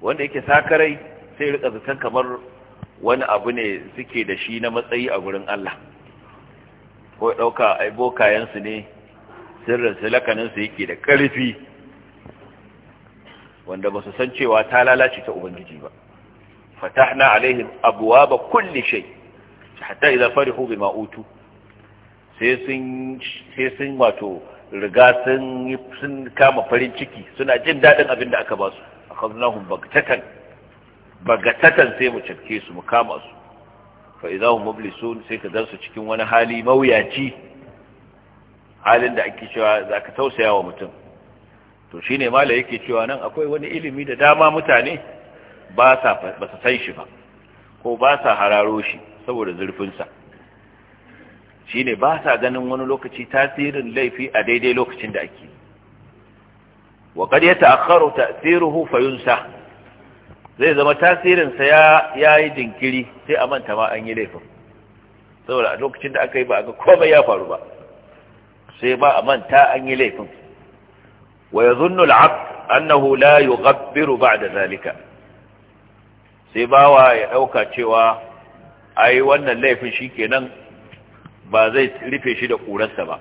wanda yake sakarai sai rika zaton kamar wani abu ne suke da shi na matsayi a gurin Allah ko ɗauka yi bokayensu ne sirrin silakaninsu yake da ƙarfi wanda ba su san cewa ta lalace ta ubangiji ba fatahna alaihim abwaba kulli shay hatta idza farihu bima utu sai sun sai sun wato riga sun kama farin ciki suna jin dadin abin da aka ba su akhadnahum bagtatan bagtatan sai mu cafke mu kama su fa hum mublisun sai ka su cikin wani hali mawuyaci halin da ake cewa zaka tausaya wa mutum to shine mala yake cewa nan akwai wani ilimi da dama mutane ba sa ba sa san shi ba ko ba sa hararo shi saboda zurfin sa shine ba sa ganin wani lokaci tasirin laifi a daidai lokacin da ake wa qad yata'akharu ta'thiruhu fayunsa zai zama tasirinsa ya ya yi jinkiri sai a manta ma an yi laifin saboda a lokacin da aka yi ba a ga komai ya faru ba sai ba a manta an yi laifin wa ya al-abd annahu la ba ba'da zalika sai bawa ya ɗauka cewa ai wannan laifin shi shikenan ba zai rufe shi da ƙurarsa ba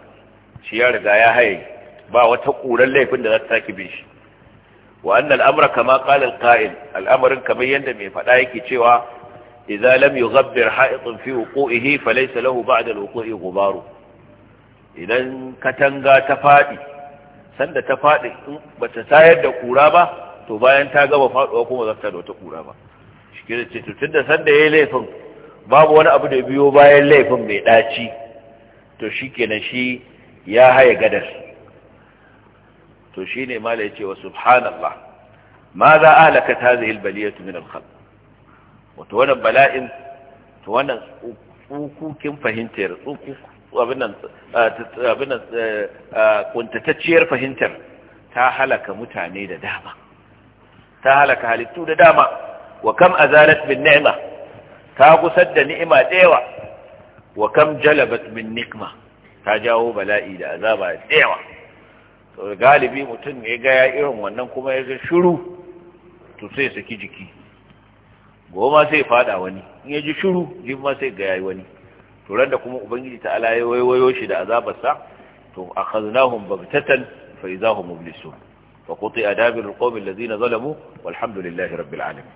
shi ya riga ya haye ba wata ƙurar laifin da za ta saki bin shi wa annal amra kama qala al-qa'il kamar yadda mai faɗa yake cewa idza lam yughabbir ha'itun fi wuqu'ihi falaysa lahu ba'da al-wuqu'i ghubaru idan katanga ta faɗi sanda ta faɗi in bata tayar da ƙura ba to bayan ta gaba faduwa kuma za ta da wata kura ba shikira ce to da sanda ya yi laifin babu wani abu da biyo bayan laifin mai ɗaci, to shikenan shi ya haye gadar to shine mala yace wa subhanallah ma za alakat hadhihi albaliyatu min alkhalq wato wannan bala'in to wannan tsukukin fahimtar tsuku abin nan eh, eh, eh, kuntatacciyar fahimtar ta halaka mutane da dama ta halaka halittu da dama wa kam azalat min ni'ma ta gusar da ni'ima tsewa wa kam jalabat min nikma ta jawo bala'i da azaba tsewa galibi mutum ya gaya irin wannan kuma ya ga shiru to sai saki jiki goma sai fada wani in ya ji shiru jin ma sai ga yayi wani to da kuma ubangiji ta ala ya waiwayo shi da azabarsa to akhadnahum babtatan fa idahum mulisu fa quti'a dabir alqawm alladhina zalamu walhamdulillahi rabbil alamin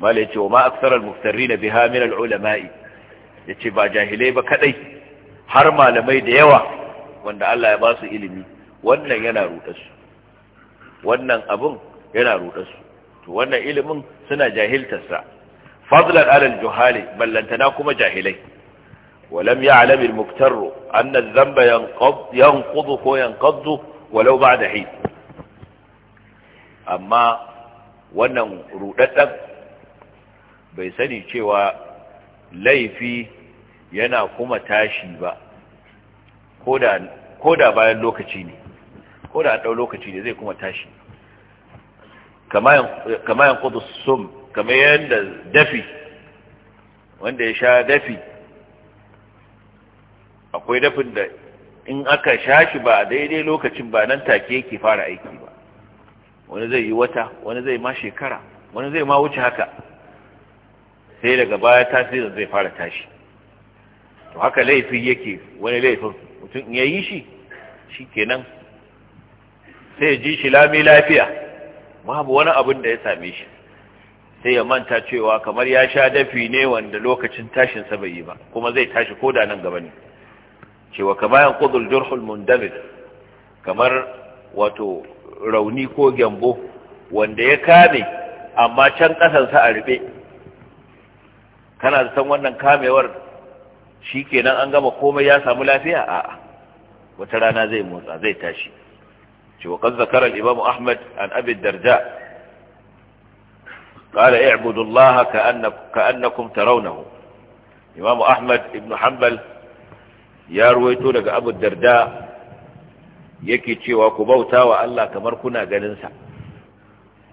mala ce wa ma aktsara almuftarrin biha min ya yace ba jahilai ba kadai har malamai da yawa wanda Allah ya ba su ilimi wannan yana wannan abun yana rudarsu to wannan ilimin suna jahiltarsa fadlan alal juhali ballantana kuma jahilai ولم يعلم المكتر أن الذنب ينقض ينقضه وينقضه ولو بعد حين amma wannan rudaddan bai sani cewa laifi yana kuma tashi ba ko da bayan lokaci ne ko da ɗau lokaci ne zai kuma tashi kama yin kudu sum kama da dafi wanda ya sha dafi akwai dafin da in aka sha shi ba daidai lokacin ba nan take yake fara aiki ba wani zai yi wata wani zai ma shekara wani zai ma wuce haka sai daga baya tasirin zai fara tashi to haka laifi yake wani laifin mutum in ya yi shi shi kenan sai ji shi lami lafiya babu wani abin da ya same shi sai ya manta cewa kamar ya sha dafi ne wanda lokacin tashin sa bai yi ba kuma zai tashi ko da nan gaba ne cewa kamar yan qudul durhul mundamir kamar wato rauni ko gyambo wanda ya kame amma can kasan sa a rube kana da san wannan kamewar shikenan an gama komai ya samu lafiya a'a wata rana zai motsa zai tashi وقد ذكر الإمام أحمد عن أبي الدرداء قال اعبدوا الله كأن كأنكم ترونه إمام أحمد ابن حنبل يا يرويتو لك أبو الدرداء يكي تشيوا كبوتا وألا كمركنا جننسا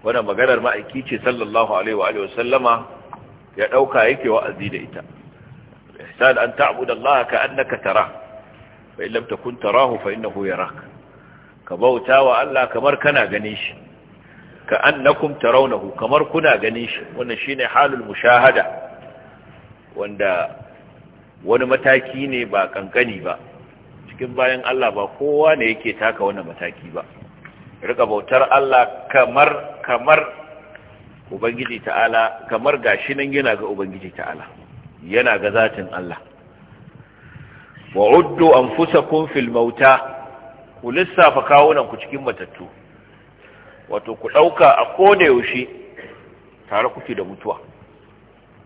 وانا مقرر ما يكيشي صلى الله عليه وآله وسلم يأوكا ايكي وأذين ايتا الإحسان أن تعبد الله كأنك تراه فإن لم تكن تراه فإنه يراك ka bauta wa Allah kamar kana ganin shi ka annakum tarawnahu kamar kuna ganin shi wannan shine halul mushahada wanda wani mataki ne ba kankani ba cikin bayan Allah ba kowa ne yake taka wannan mataki ba rika bautar Allah kamar kamar ubangiji ta'ala kamar gashi nan yana ga ubangiji ta'ala yana ga zatin Allah wa'uddu anfusakum fil mauta ku lissafa kawunan ku cikin matattu wato ku ɗauka a kone yaushe tare kuke da mutuwa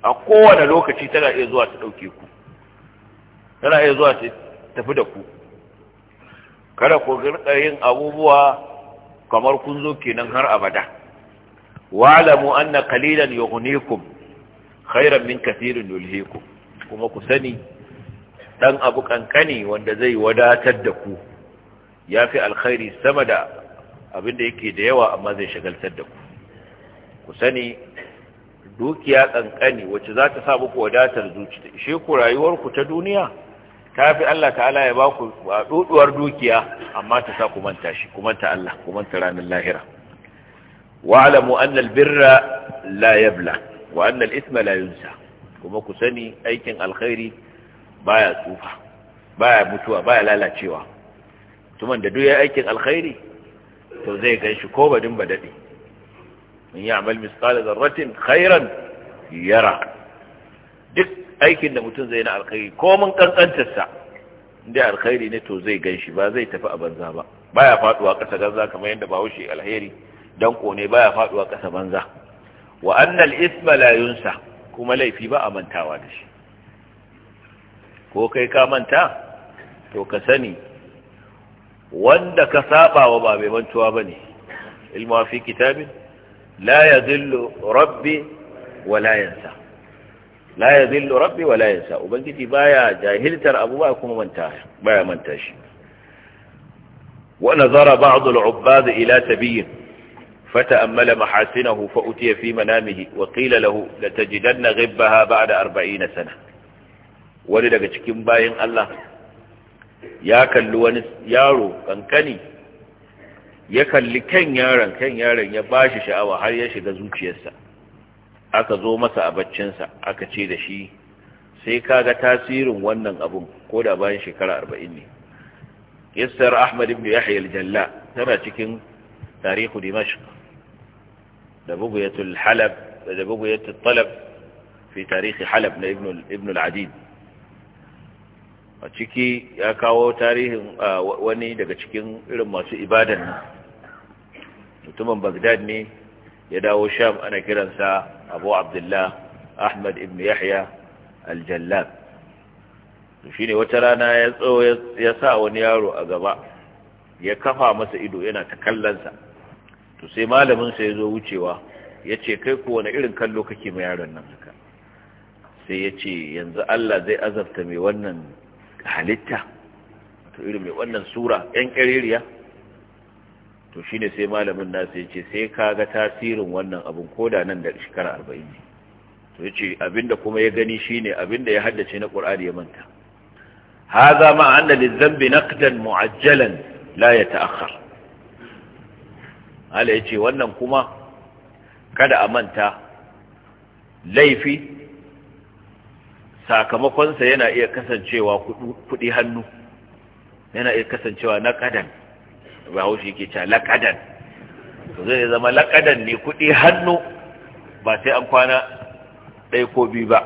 a kowane lokaci tana iya zuwa ta ɗauke ku tana iya zuwa ta tafi da ku kada ku rinƙa yin abubuwa kamar kun zo kenan har abada wa'lamu anna qalilan yughnikum khairan min kathirin yulhikum kuma ku sani dan abu kankani wanda zai wadatar da ku ya fi alkhairi sama da abin da yake da yawa amma zai shagaltar da ku ku sani dukiya kankani wacce za ta sa muku wadatar zuci da ishe ku rayuwarku ta duniya ta fi Allah ta'ala ya ba ku duduwar dukiya amma ta sa ku manta shi ku manta Allah ku manta ranar lahira wa'lamu anna albirra la yabla wa anna la yunsa kuma ku sani aikin alkhairi baya tsufa baya mutuwa baya lalacewa mutumin da duk ya aikin alkhairi to zai ganshi ko badin ba dade in ya amal misqala zarratin khairan yara duk aikin da mutum zai na alkhairi ko mun kankantarsa inda alkhairi ne to zai ganshi ba zai tafi a banza ba baya faduwa kasa ganza kamar yadda bahaushe alheri dan kone baya faduwa kasa banza wa al-ithma la yunsa kuma laifi ba a mantawa da shi ko kai ka manta to ka sani wanda ka saba wa ba mai mantuwa ba ne ilmuwa kitabin la ya zillu rabbi wa la yansa la ya zillu rabbi jahiltar abubuwa ba kuma manta baya manta shi wa nazara ba'd al-ubbad فتأمل محاسنه فأتي في منامه وقيل له لتجدن غبها بعد أربعين سنة ولدك تكين باين الله ya kalli wani yaro kankani ya kalli kan yaron kan yaron ya ba shi sha'awa har ya shiga zuciyarsa aka zo masa a baccinsa aka ce da shi sai kaga tasirin wannan abun ko da bayan shekara arba'in ne yassar ahmad ibn yahya al-jalla tana cikin tarihu dimashq da buguyatul halab da buguyatul talab fi tarihi halab na ibn al-adid a ciki ya kawo tarihin wani daga cikin irin masu ibadan nan mutumin bagdad ne ya dawo sham ana kiransa abu abdullah ahmad ibn yahya aljallab shi ne wata rana ya tso ya sa wani yaro a gaba ya kafa masa ido yana ta kallonsa to sai malaminsa ya zo wucewa ya ce kai kowane irin kallo kake ma yaron nan haka sai ya ce yanzu allah zai azabta mai wannan halitta to irin mai wannan sura yan ƙaririya to shine sai malamin nasu ya ce sai kaga tasirin wannan abin koda nan da shekara arba'in ne to ya ce abinda kuma ya gani shine abinda ya haddace na ƙur'ani ya manta haza ma anna lizambi naqdan mu'ajjalan la yata'akhkhar Allah ya ce wannan kuma kada a manta laifi sakamakonsa yana iya kasancewa kuɗi hannu yana iya kasancewa na ƙadan ba haushi yake cewa laƙadan to zai zama laƙadan ne kuɗi hannu ba sai an kwana ɗaya ko biyu ba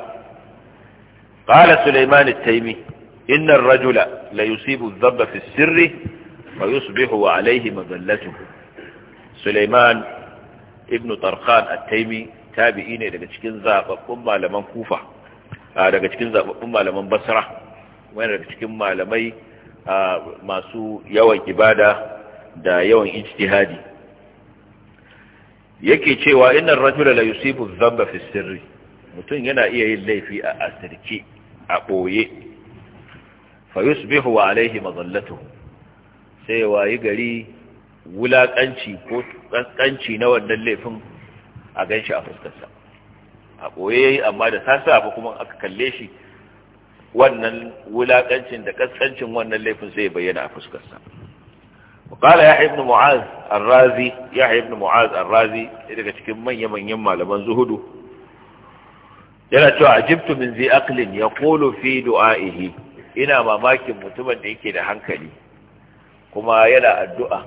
ƙala suleiman taimi innan rajula la yusibu zabba fi sirri fa yusbihu wa alaihi mazallatuhu suleiman ibnu tarkhan at-taimi tabi'i ne daga cikin zababbun malaman kufa daga cikin zababbun malaman basra wani daga cikin malamai masu yawan ibada da yawan ijtihadi yake cewa innar rajula la yusibu dhanba fi sirri mutum yana iya yin laifi a asirki a boye fa yusbihu wa alaihi madallatuhu sai wayi gari wulakanci ko kankanci na wannan laifin a ganshi a fuskarsa a ɓoye ya amma da sassafe kuma aka kalle shi wannan wulaƙancin da ƙasƙancin wannan laifin sai bayyana a fuskarsa ibn mu'az ar-razi yahya ibn mu'az ar-razi daga cikin manya-manyan malaman zuhudu yana cewa ajibtu min zi aqlin yaqulu fi du'a'ihi ina mamakin mutumin da yake da hankali kuma yana addu'a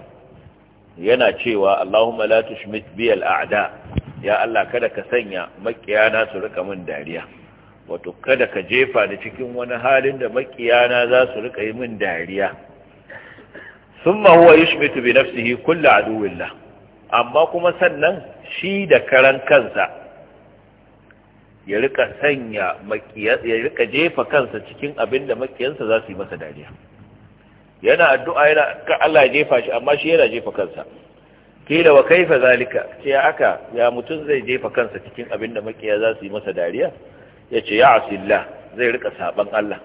yana cewa Allahumma la tushmit bi al-a'da ya Allah kada ka sanya makiyana su rika min dariya wato kada ka jefa ni cikin wani halin da makiyana za su rika yi min dariya thumma huwa yushmitu bi nafsihi kullu aduwillah amma kuma sannan shi da karan kansa ya rika sanya ya rika jefa kansa cikin abin da makiyansa za su yi masa dariya yana addu'a yana ka Allah ya jefa shi amma shi yana jefa kansa kila wa kaifa zalika ce aka ya mutum zai jefa kansa cikin abin da makiya za su yi masa dariya ya ce ya asillah zai rika saban Allah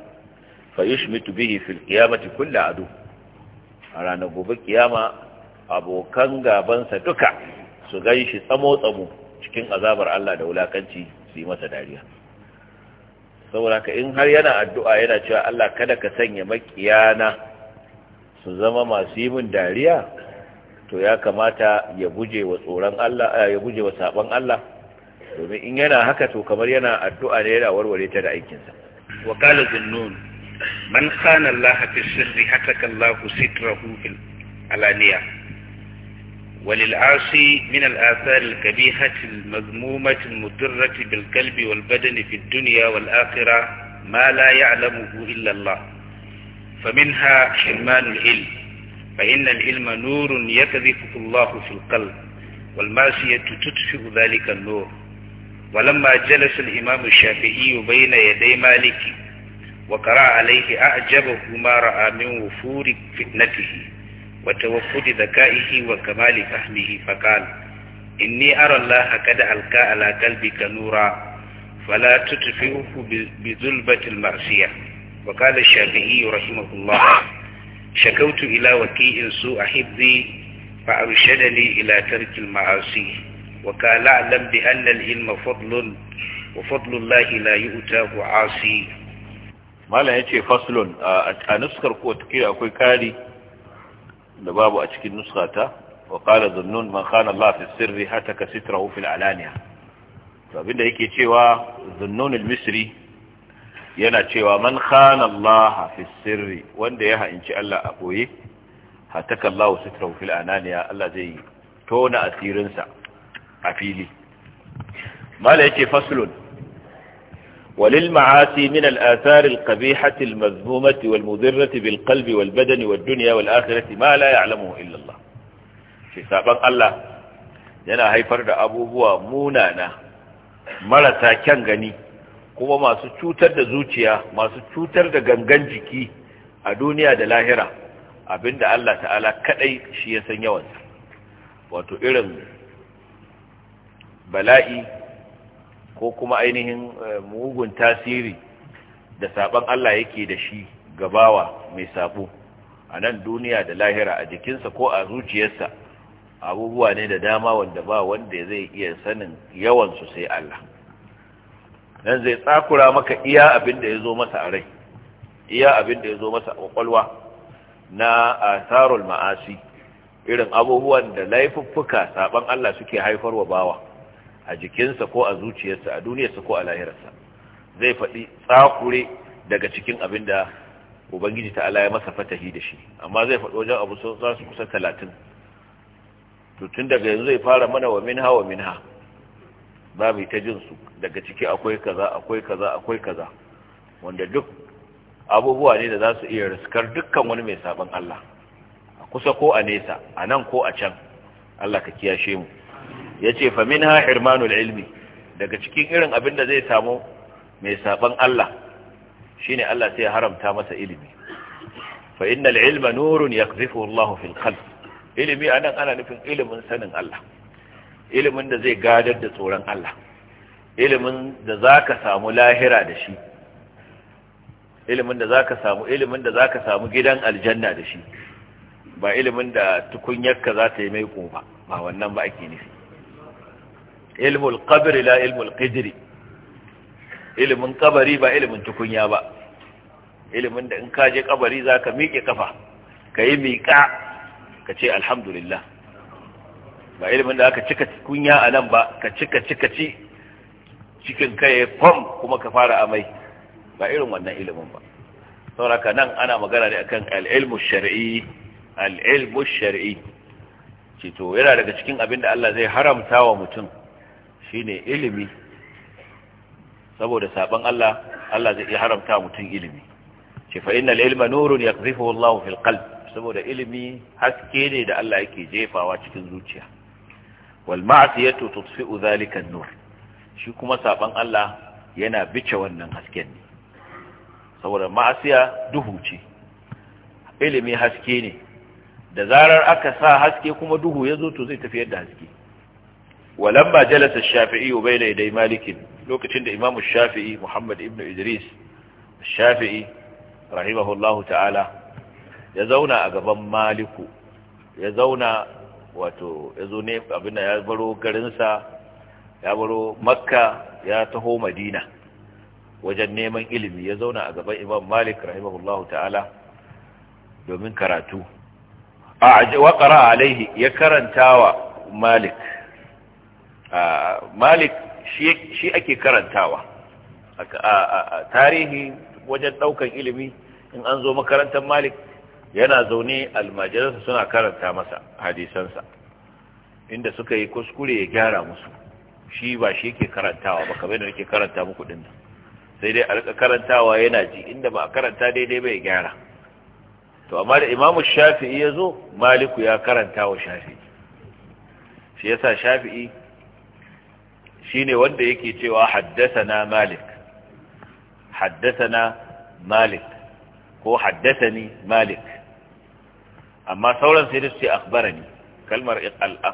fa yushmitu bihi fil qiyamati kullu adu a ranar gobe kiyama abokan gabansa duka su ganshi tsamo tsamo cikin azabar Allah da wulakanci su yi masa dariya saboda ka in har yana addu'a yana cewa Allah kada ka sanya makiyana su zama masu yi min dariya to ya kamata ya guje wa tsoron Allah eh, ya guje wa saban Allah domin in yana haka to kamar yana addu'a ne yana warware ta da aikinsa wa qala zunnun man khana Allah fi sirri hataka Allah sitrahu fil alaniya وللعاصي من الآثار الكبيحة المذمومة المضرة بالقلب والبدن في الدنيا والآخرة ما لا يعلمه إلا الله فمنها حرمان العلم فإن العلم نور يكذفه الله في القلب والمعصية تدفئ ذلك النور ولما جلس الإمام الشافعي بين يدي مالك وقرأ عليه أعجبه ما رأى من وفور فتنته وتوفد ذكائه وكمال فهمه فقال إني أرى الله قد ألقى على قلبك نورا فلا تطفئه بذلبة المعصية وقال الشافعي رحمه الله shakautu ila waki'in su a hibbi fa arshadani ila tarkil ma'asi wa qala alam bi ilma fadlun wa fadlullahi la yu'tahu 'asi malam yace faslun a nuskar ko take akwai kari da babu a cikin nuskata wa qala dhunnun man khana Allah fi sirri hataka yake cewa dhunnun misri yana cewa man khana Allah fi sirri wanda ya ha'inci Allah a boye hataka Allah sitrahu fil ananiya Allah zai tona asirin sa a fili mala faslun walil ma'asi min al athar al qabihati al mazmumati wal mudirrati bil qalbi wal badani wad dunya wal akhirati ma la illa Allah shi saban Allah yana haifar da abubuwa munana marasa kyan gani kuma masu cutar da zuciya masu cutar da gangan jiki a duniya da lahira abinda Allah ta'ala kadai shi ya san yawansa wato irin bala'i ko kuma ainihin eh, mugun tasiri da saban Allah yake da shi gabawa mai sabo a nan duniya da lahira a jikinsa ko a zuciyarsa abubuwa ne da dama wanda ba wanda zai iya sanin yawansu sai Allah dan zai tsakura maka iya abin da ya zo masa a rai iya abin da ya zo masa a kwakwalwa na asarul ma'asi irin abubuwan da laifuffuka saban Allah suke haifarwa bawa a jikinsa ko a zuciyarsa a duniyarsa ko a lahirarsa zai faɗi tsakure daga cikin abin da ubangiji ta Allah ya masa fatahi da shi amma zai faɗi wajen abu sun su kusa talatin tutun daga yanzu zai fara mana wa minha wa minha za mu ta jin su daga ciki akwai kaza akwai kaza akwai kaza wanda duk abubuwa ne da za su iya riskar dukkan wani mai saban Allah a kusa ko a nesa a nan ko a can Allah ka kiyashe mu yace fa minha hirmanul ilmi daga cikin irin abin da zai samu mai saban Allah shine Allah sai ya haramta masa ilimi fa innal ilma nurun yakzifu Allah fil qalb ilimi anan ana nufin ilimin sanin Allah ilimin da zai gadar da tsoron Allah ilimin da zaka samu lahira da shi ilimin da zaka samu ilimin da zaka samu gidan aljanna da shi ba ilimin da tukunyarka za ta yi mai ba ba wannan ba ake nufi ilmul qabri la ilmul qidri ilimin kabari ba ilimin tukunya ba ilimin da in ka je kabari za ka miƙe kafa ka yi miƙa ka ce alhamdulillah ba ilimin da aka cika kunya a nan ba ka cika cika ci cikin kai fam kuma ka fara amai ba irin wannan ilimin ba sauraka nan ana magana ne akan al'ilmu shar'i al'ilmu shar'i cito yana daga cikin abin da Allah zai haramta wa mutum shine ilimi saboda saban Allah Allah zai iya haramta mutum ilimi ce fa innal ilma nurun yaqrifuhu Allah fil qalb saboda ilimi haske ne da Allah yake jefawa cikin zuciya wal ma'siyatu tutfi'u dhalika an-nur shi kuma saban Allah yana bice wannan hasken ne saboda ma'asiya duhu ce ilimi haske ne da zarar aka sa haske kuma duhu ya zo to zai tafiyar da haske walamma jalasa shafi'i baina bayna yaday malikin lokacin da imamu shafi'i muhammad ibnu idris shafi'i rahimahullahu ta'ala ya zauna a gaban maliku ya zauna wato ya zo ne abin da ya baro garinsa ya baro makka ya taho madina wajen neman ilimi ya zauna a gaban imam malik rahimahullahu ta'ala domin karatu a waƙara alaihi ya karantawa malik malik shi ake karantawa a tarihi wajen ɗaukan ilimi in an zo makarantar malik yana zaune almajiransa suna karanta masa hadisansa inda suka yi kuskure ya gyara musu shi ba shi ke karantawa ba kamar yake karanta muku din sai dai alƙa karantawa yana ji inda ba a karanta daidai ba ya gyara to amma da imamu shafi'i ya zo maliku ya karanta wa shafi'i shi yasa shafi'i shine wanda yake cewa haddasana malik haddasana malik ko haddasa ni malik amma sauran sai dai akhbarani kalmar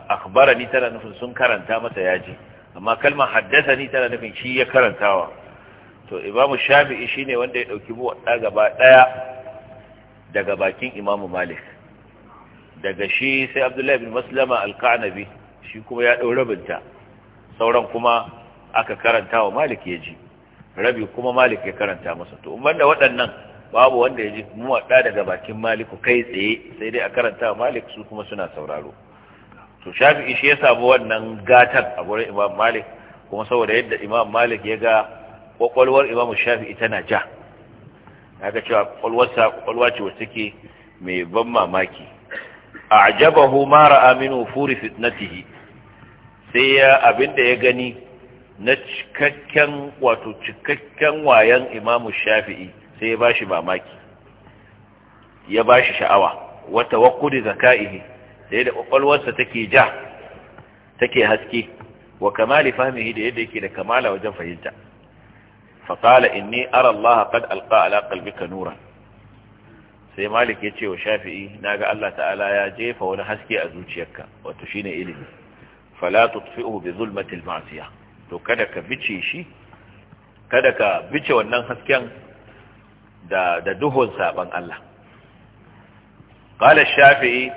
akhbarani tana nufin sun karanta masa yaji amma kalmar haddathani tana nufin shi ya karantawa to imamu shafi'i shine wanda ya dauki wadda gaba daya daga bakin imamu malik daga shi sai abdullahi bin maslama al-qanabi shi kuma ya daura binta sauran kuma aka karanta wa malik yaji rabi kuma malik ya karanta masa to umman da waɗannan babu wanda ya ji muwaɗa daga bakin maliku kai tsaye sai dai a karanta malik su kuma suna sauraro to shafi'i shi ya samu wannan gatar a gurin imam malik kuma saboda yadda imam malik ya ga kwakwalwar imam shafi'i tana ja ya ga cewa kwakwalwarsa kwakwalwa ce ke mai ban mamaki A a'jabahu ma ra'a min furi fitnatihi sai ya abinda ya gani na cikakken wato cikakken wayan imam shafi'i sai ya bashi mamaki ya bashi sha'awa wata tawaqqudi zaka'ihi sai da kwakwalwarsa take ja take haske wa kamali da yadda yake da kamala wajen fahimta Faƙala qala inni ara Allah qad alqa ala qalbika Nura. sai malik ya ce wa shafi'i na ga Allah ta'ala ya jefa wani haske a zuciyarka wato shi ne ilimi fala tutfi'u bi zulmatil ma'siya to kada ka bice shi kada ka bice wannan hasken da duhun saban Allah qala shafi'i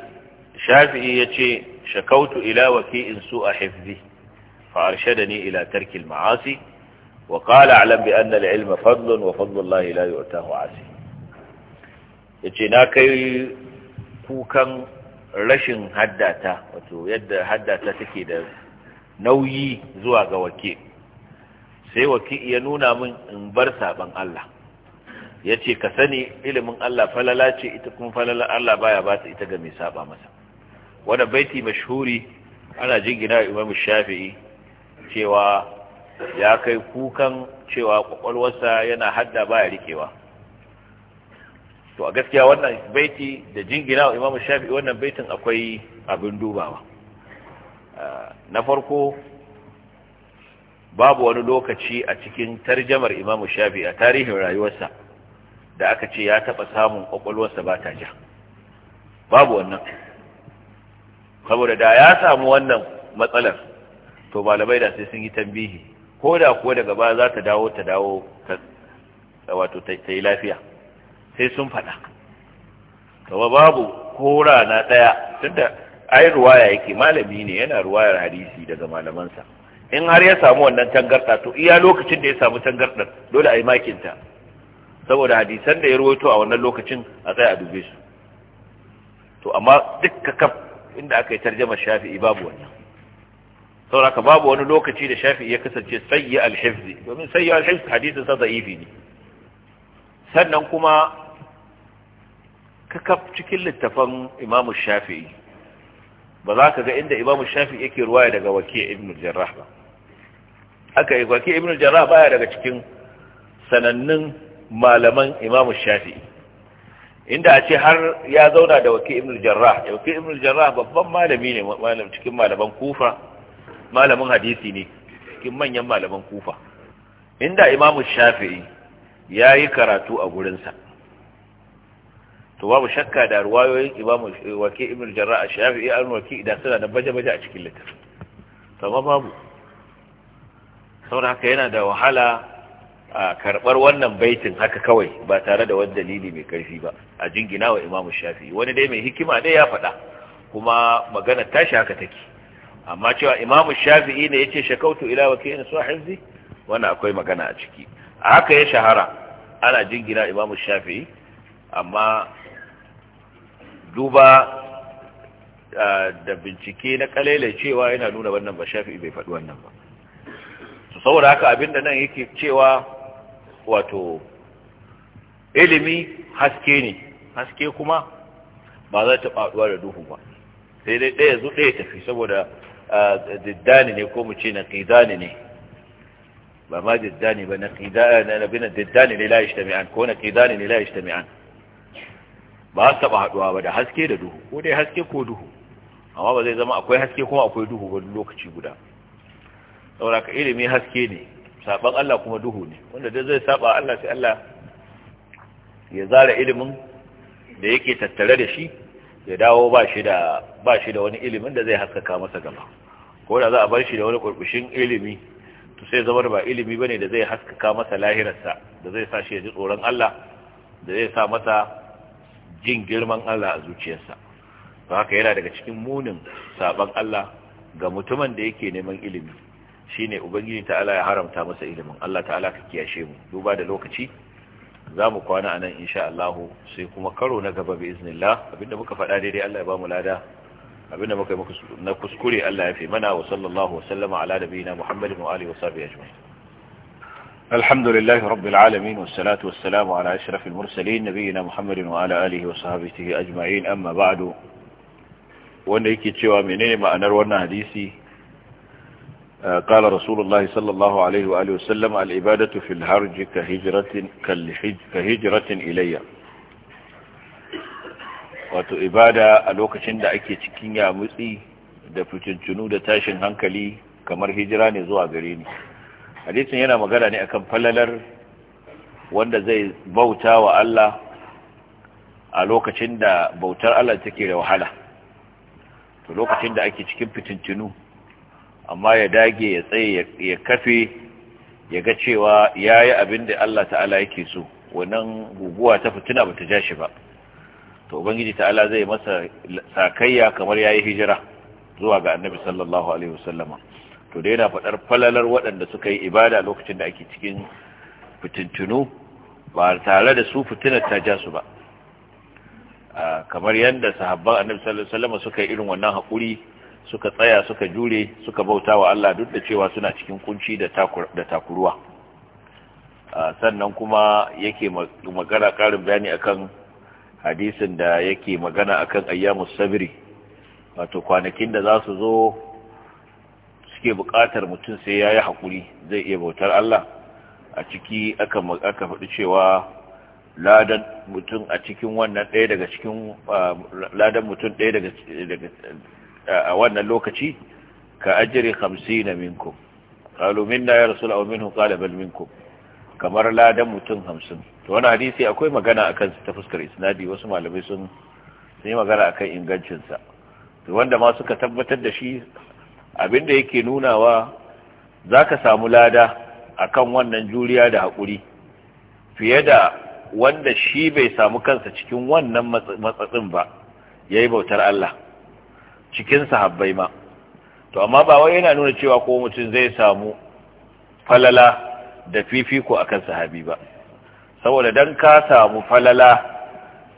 shafi'i yace shakautu ila waki'in su'a hifzi fa arshadani ila tarki al-ma'asi wa qala a'lam bi anna al-ilma fadlun wa fadlu Allah la yu'tahu 'asi Ya ce na kai kukan rashin haddata wato yadda haddata take da nauyi zuwa ga waki sai waki ya nuna min in bar saban Allah ya ce ka sani ilimin Allah falala ce ita kuma falala Allah baya ba ta ita ga mai saba masa wani baiti mashhuri ana jingina imamu shafi'i cewa ya kai kukan cewa kwakwalwarsa yana hadda baya rikewa to a gaskiya wannan baiti da jingina imamu shafi'i wannan baitin akwai abin dubawa na farko babu wani lokaci a cikin tarjamar imamu shafi'i a tarihin rayuwarsa da aka ce ya taɓa samun ƙwaƙwalwarsa ba ta ja babu wannan saboda da ya samu wannan matsalar to malamai da sai sun yi tambihi ko da kuwa daga ba za ta dawo ta dawo wato ta yi lafiya sai sun faɗa kama babu kora na ɗaya tunda ai ruwaya yake malami ne yana ruwayar hadisi daga malamansa in har ya samu wannan tangarɗa to iya lokacin da ya samu tangarɗar dole a yi makinta saboda hadisan da ya ruwaito a wannan lokacin a tsaya a dube su to amma dukka kaf inda aka yi tarjama shafi'i babu wannan sauraka babu wani lokaci da shafi'i ya kasance sayyi al-hifzi domin sayyi al-hifzi hadisin sa da'ifi ne sannan kuma kakaf cikin littafan imamu shafi'i ba za ka ga inda imamu shafi'i yake ruwaya daga wakil ibn jarrah ba aka yi wakil ibn jarrah baya daga cikin sanannun malaman imamu shafi inda a ce har ya zauna da wakil ibn jarrah ya wakil ibn jarrah babban malami ne malam cikin malaman kufa malamin hadisi ne cikin manyan malaman kufa inda imamu shafi ya yi karatu a gurinsa to babu shakka da ruwayoyin imamu wakil ibn jarrah a shafi'i an wakil idan suna da baje-baje a cikin littafin sama babu saboda haka yana da wahala a karɓar wannan baitin haka kawai ba tare da wani dalili mai ƙarfi ba a jingina wa imamu shafi wani dai mai hikima dai ya faɗa kuma magana tashi haka take amma cewa imamu shafi'i ne ya ce shakautu ila wakilin su hizbi wani akwai magana a ciki a haka ya shahara ana jingina imamu shafi'i amma duba da bincike na kalele cewa yana nuna wannan ba shafi'i bai faɗi wannan ba saboda haka abinda nan yake cewa wato ilimi haske ne haske kuma ba za ta faduwa da duhu ba sai dai ɗaya zo ɗaya tafi saboda diddani ne ko mu ce na ƙidani ne ba ma diddani ba na diddani ne la'ish mi'an ko na ƙidani ne la'ish mi'an ba za ta haɗuwa ba da haske da duhu ko dai haske ko duhu amma ba zai zama akwai haske kuma akwai duhu ba lokaci guda saboda ka ilimi haske ne saban Allah kuma duhu ne wanda dai zai saba Allah sai Allah ya zara ilimin da yake tattare da shi ya dawo ba shi da ba shi da wani ilimin da zai haskaka masa gaba ko da za a bar shi da wani kurkushin ilimi to sai zama ba ilimi bane da zai haskaka masa lahirarsa da zai sa shi ya ji tsoron Allah da zai sa masa jin girman Allah a zuciyarsa to haka yana daga cikin munin saban Allah ga mutumin da yake neman ilimi Shi ne ubangiji ta'ala ya haramta masa ilimin Allah ta'ala ka kiyashe mu duba da lokaci za mu kwana a nan insha Allah sai kuma karo na gaba bi iznillah abinda muka faɗa daidai Allah ya ba mu lada abinda muka yi na kuskure Allah ya fi mana wa sallallahu wa sallama ala nabiyina Muhammadin wa alihi wa sahbihi ajma'in alhamdulillahi rabbil alamin was salatu was salamu ala ashrafil mursalin nabiyina Muhammadin wa ala alihi wa sahbihi ajma'in amma ba'du wanda yake cewa menene ma'anar wannan hadisi قال رسول الله صلى الله عليه وآله وسلم العبادة في الهرج كهجرة, كهجرة إلي wato ibada a lokacin da ake cikin yamutsi da fitintunu da tashin hankali kamar hijira ne zuwa gare ni hadisin yana magana ne akan falalar wanda zai bauta wa Allah a lokacin da bautar Allah take da wahala to lokacin da ake cikin fitintunu amma ya dage ya tsaye ya kafe ya ga cewa ya yi abin da Allah ta'ala yake so wannan guguwa ta fituna ba ta ja shi ba to ubangiji ta'ala zai masa sakayya kamar ya yi hijira zuwa ga annabi sallallahu alaihi wasallama to da yana faɗar falalar waɗanda suka yi ibada lokacin da ake cikin fitintunu ba tare da su fitinar ta ja su ba kamar yadda sahabban annabi sallallahu alaihi wasallama suka yi irin wannan haƙuri suka tsaya suka jure suka bauta wa Allah duk da cewa suna cikin kunci da takuruwa ah, sannan kuma yake magana karin bayani akan hadisin da yake magana akan ayyamus sabri wato kwanakin da za su zo suke buƙatar mutum sai ya yi haƙuri zai iya bautar Allah a ciki aka faɗi cewa ladan mutum a cikin wannan ɗaya daga cikin ah, ladan mutum ɗaya daga a wannan lokaci ka ajri 50 minkum qalu na ya rasu aw minhu qala bal kamar ladan mutum hamsin. to wani hadisi akwai magana a kansu ta fuskar isnadi wasu malamai sun yi magana a kan ingancinsa. to wanda ma suka tabbatar da shi abinda yake nunawa za ka samu lada a kan wannan juriya da haƙuri, fiye da wanda shi bai samu kansa cikin wannan matsatsin ba ya yi bautar Allah cikin sahabbai ma to amma ba wai yana nuna cewa ko mutum zai samu falala da fifiko akan sahabi ba saboda dan ka samu falala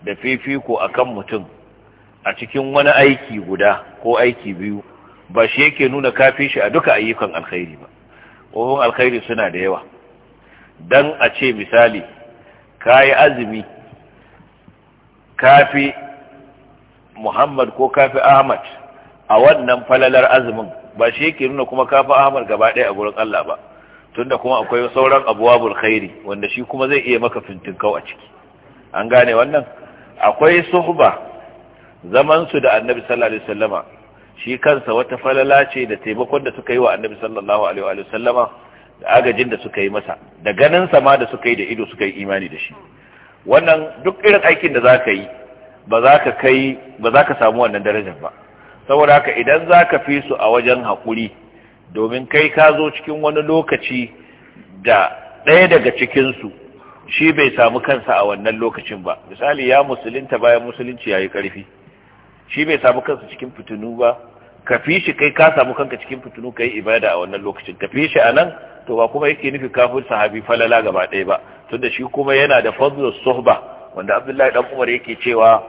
da fifiko akan mutum a cikin wani aiki guda ko aiki biyu ba shi yake nuna kafi shi a duka ayyukan alkhairi ba kofin alkhairi suna da yawa dan a ce misali ka yi azumi kafi muhammad ko kafi ahmad a wannan falalar azumin ba shi yake nuna kuma kafa ahmar gaba ɗaya a gurin Allah ba tunda kuma akwai sauran abuwa khairi wanda shi kuma zai iya maka fintin kau a ciki an gane wannan akwai suhba zaman su da annabi sallallahu alaihi wasallama shi kansa wata falala ce da taimakon da suka yi wa annabi sallallahu alaihi wasallama da agajin da suka yi masa da ganin sama da suka yi da ido suka yi imani da shi wannan duk irin aikin da za yi ba za kai ba za ka samu wannan darajar ba saboda haka idan za ka fi su a wajen haƙuri domin kai ka zo cikin wani lokaci da ɗaya daga cikinsu shi bai samu kansa a wannan lokacin ba misali ya musulunta bayan musulunci ya yi ƙarfi shi bai samu kansa cikin fitinu ba ka fi shi kai ka samu kanka cikin fitinu ka yi ibada a wannan lokacin ka fi shi a nan to ba kuma yake nufi kafin sahabi falala gaba ɗaya ba tunda shi kuma yana da fadlus suhba wanda abdullahi Ɗan umar yake cewa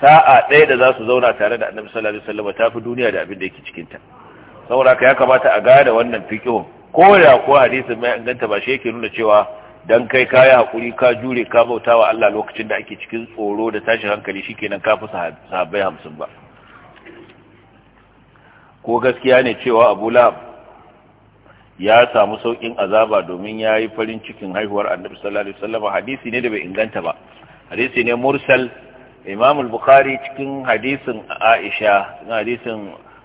sa'a ɗaya da za su zauna tare da annabi sallallahu alaihi wasallam ta fi duniya da abin da yake cikin ta saboda ka ya kamata a gane wannan fiqhun ko da ko hadisin mai inganta ba shi yake nuna cewa dan kai ka yi hakuri ka jure ka bautawa Allah lokacin da ake cikin tsoro da tashin hankali shikenan ka fi sahabbai hamsin ba ko gaskiya ne cewa Abu Lahab ya samu saukin azaba domin ya yi farin cikin haihuwar annabi sallallahu alaihi wasallam hadisi ne da bai inganta ba hadisi ne mursal imam al-bukhari cikin hadisin aisha cikin hadisin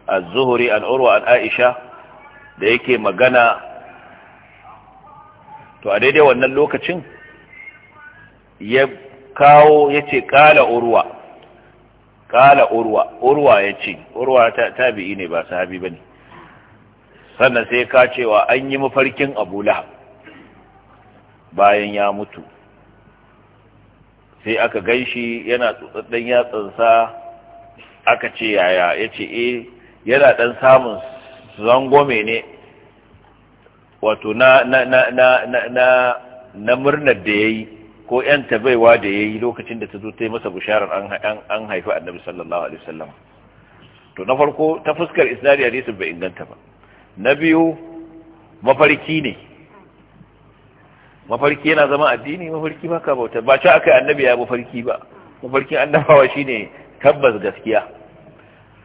az-zuhri an urwa an aisha da yake magana to a daidai wannan lokacin ya kawo yace ƙala urwa kala urwa urwa yace urwa tabi'i ne ba sahabi bane sannan sai ka cewa an yi mafarkin abu lahab bayan ya mutu sai aka gan shi yana tsotsatsen yatsansa aka ce yaya ya ce e yana ɗan samun zangome ne wato na na murnar da ya yi ko yan tabaiwa da ya yi lokacin da ta zo ta yi masa bisharar an haifi annabi sallallahu alaihi wasallam to na farko ta fuskar isnadi hadisin bai inganta ba na biyu mafarki ne mafarki yana zama addini mafarki ba ka bauta ba ci aka annabi ya mafarki ba mafarkin annabawa shine tabbas gaskiya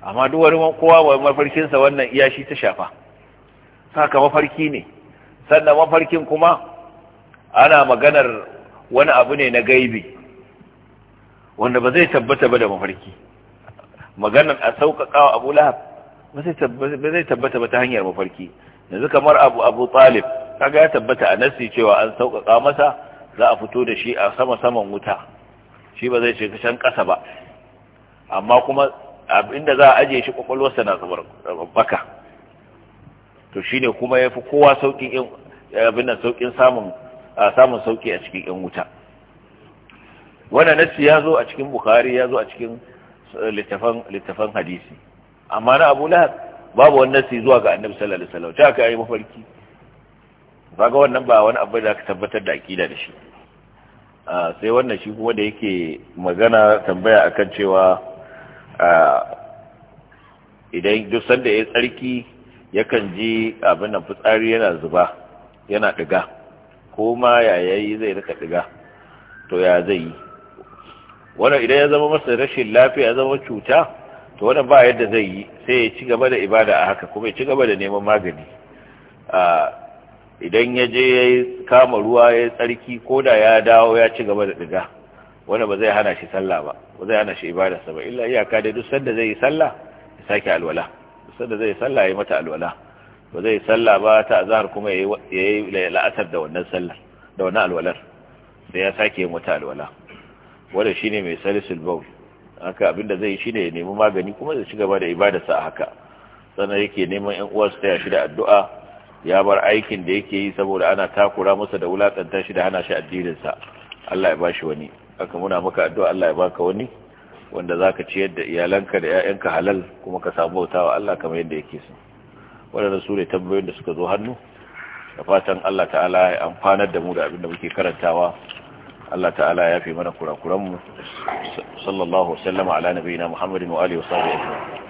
amma duk wani kowa wa mafarkinsa wannan iya shi ta shafa saka mafarki ne sannan mafarkin kuma ana maganar wani abu ne na gaibi wanda ba zai tabbata ba da mafarki maganar a sauƙaƙa abu lahab ba zai tabbata ba ta hanyar mafarki yanzu kamar abu abu talib kaga ya tabbata a nasi cewa an sauƙaƙa masa za a fito da shi a sama saman wuta shi ba zai shiga kashen ƙasa ba amma kuma inda za a ajiye shi kwakwalwarsa na baka to shi ne kuma ya fi kowa sauƙin abin nan sauƙin samun samun sauƙi a cikin yan wuta wanda nasi ya zo a cikin bukhari ya zo a cikin littafan hadisi amma na abu lahab babu wani nasi zuwa ga annabi sallallahu alaihi wasallam ta ka yi mafarki kaga wannan ba wani abu da aka tabbatar da akida da shi sai wannan shi kuma da yake magana tambaya akan cewa idan duk sanda ya tsarki yakan ji abin nan fitsari yana zuba yana diga ko ma yayayi zai rika diga to ya zai yi wannan idan ya zama masa rashin lafiya ya zama cuta to wannan ba yadda zai yi sai ya ci gaba da ibada a haka kuma ya ci gaba da neman magani idan ya je ya kama ruwa ya tsarki ko da ya dawo ya ci gaba da diga wanda ba zai hana shi sallah ba ba zai hana shi ibadarsa ba illa iyaka da duk sanda zai yi sallah ya sake alwala duk sanda zai yi sallah ya yi mata alwala ba zai sallah ba ta azhar kuma ya yi la'asar da wannan sallar da wannan alwalar sai ya sake yin mata alwala wanda shine mai salisul bawl haka abinda zai yi shine ya nemi magani kuma zai ci gaba da ibadarsa a haka sannan yake neman yan uwa su taya shi da addu'a ya bar aikin da yake yi saboda ana takura masa da wulakanta shi da hana shi addininsa Allah ya shi wani aka muna maka addu'a Allah ya baka wani wanda zaka ciyar da iyalanka da 'ya'yanka halal kuma ka samu bautawa Allah kamar yadda yake so su ne tambayoyin da suka zo hannu da fatan Allah ta'ala ya amfanar da mu da abin da muke karantawa Allah ta'ala ya fi mana kurakuranmu sallallahu wasallama ala na Muhammadin wa alihi wa sahbihi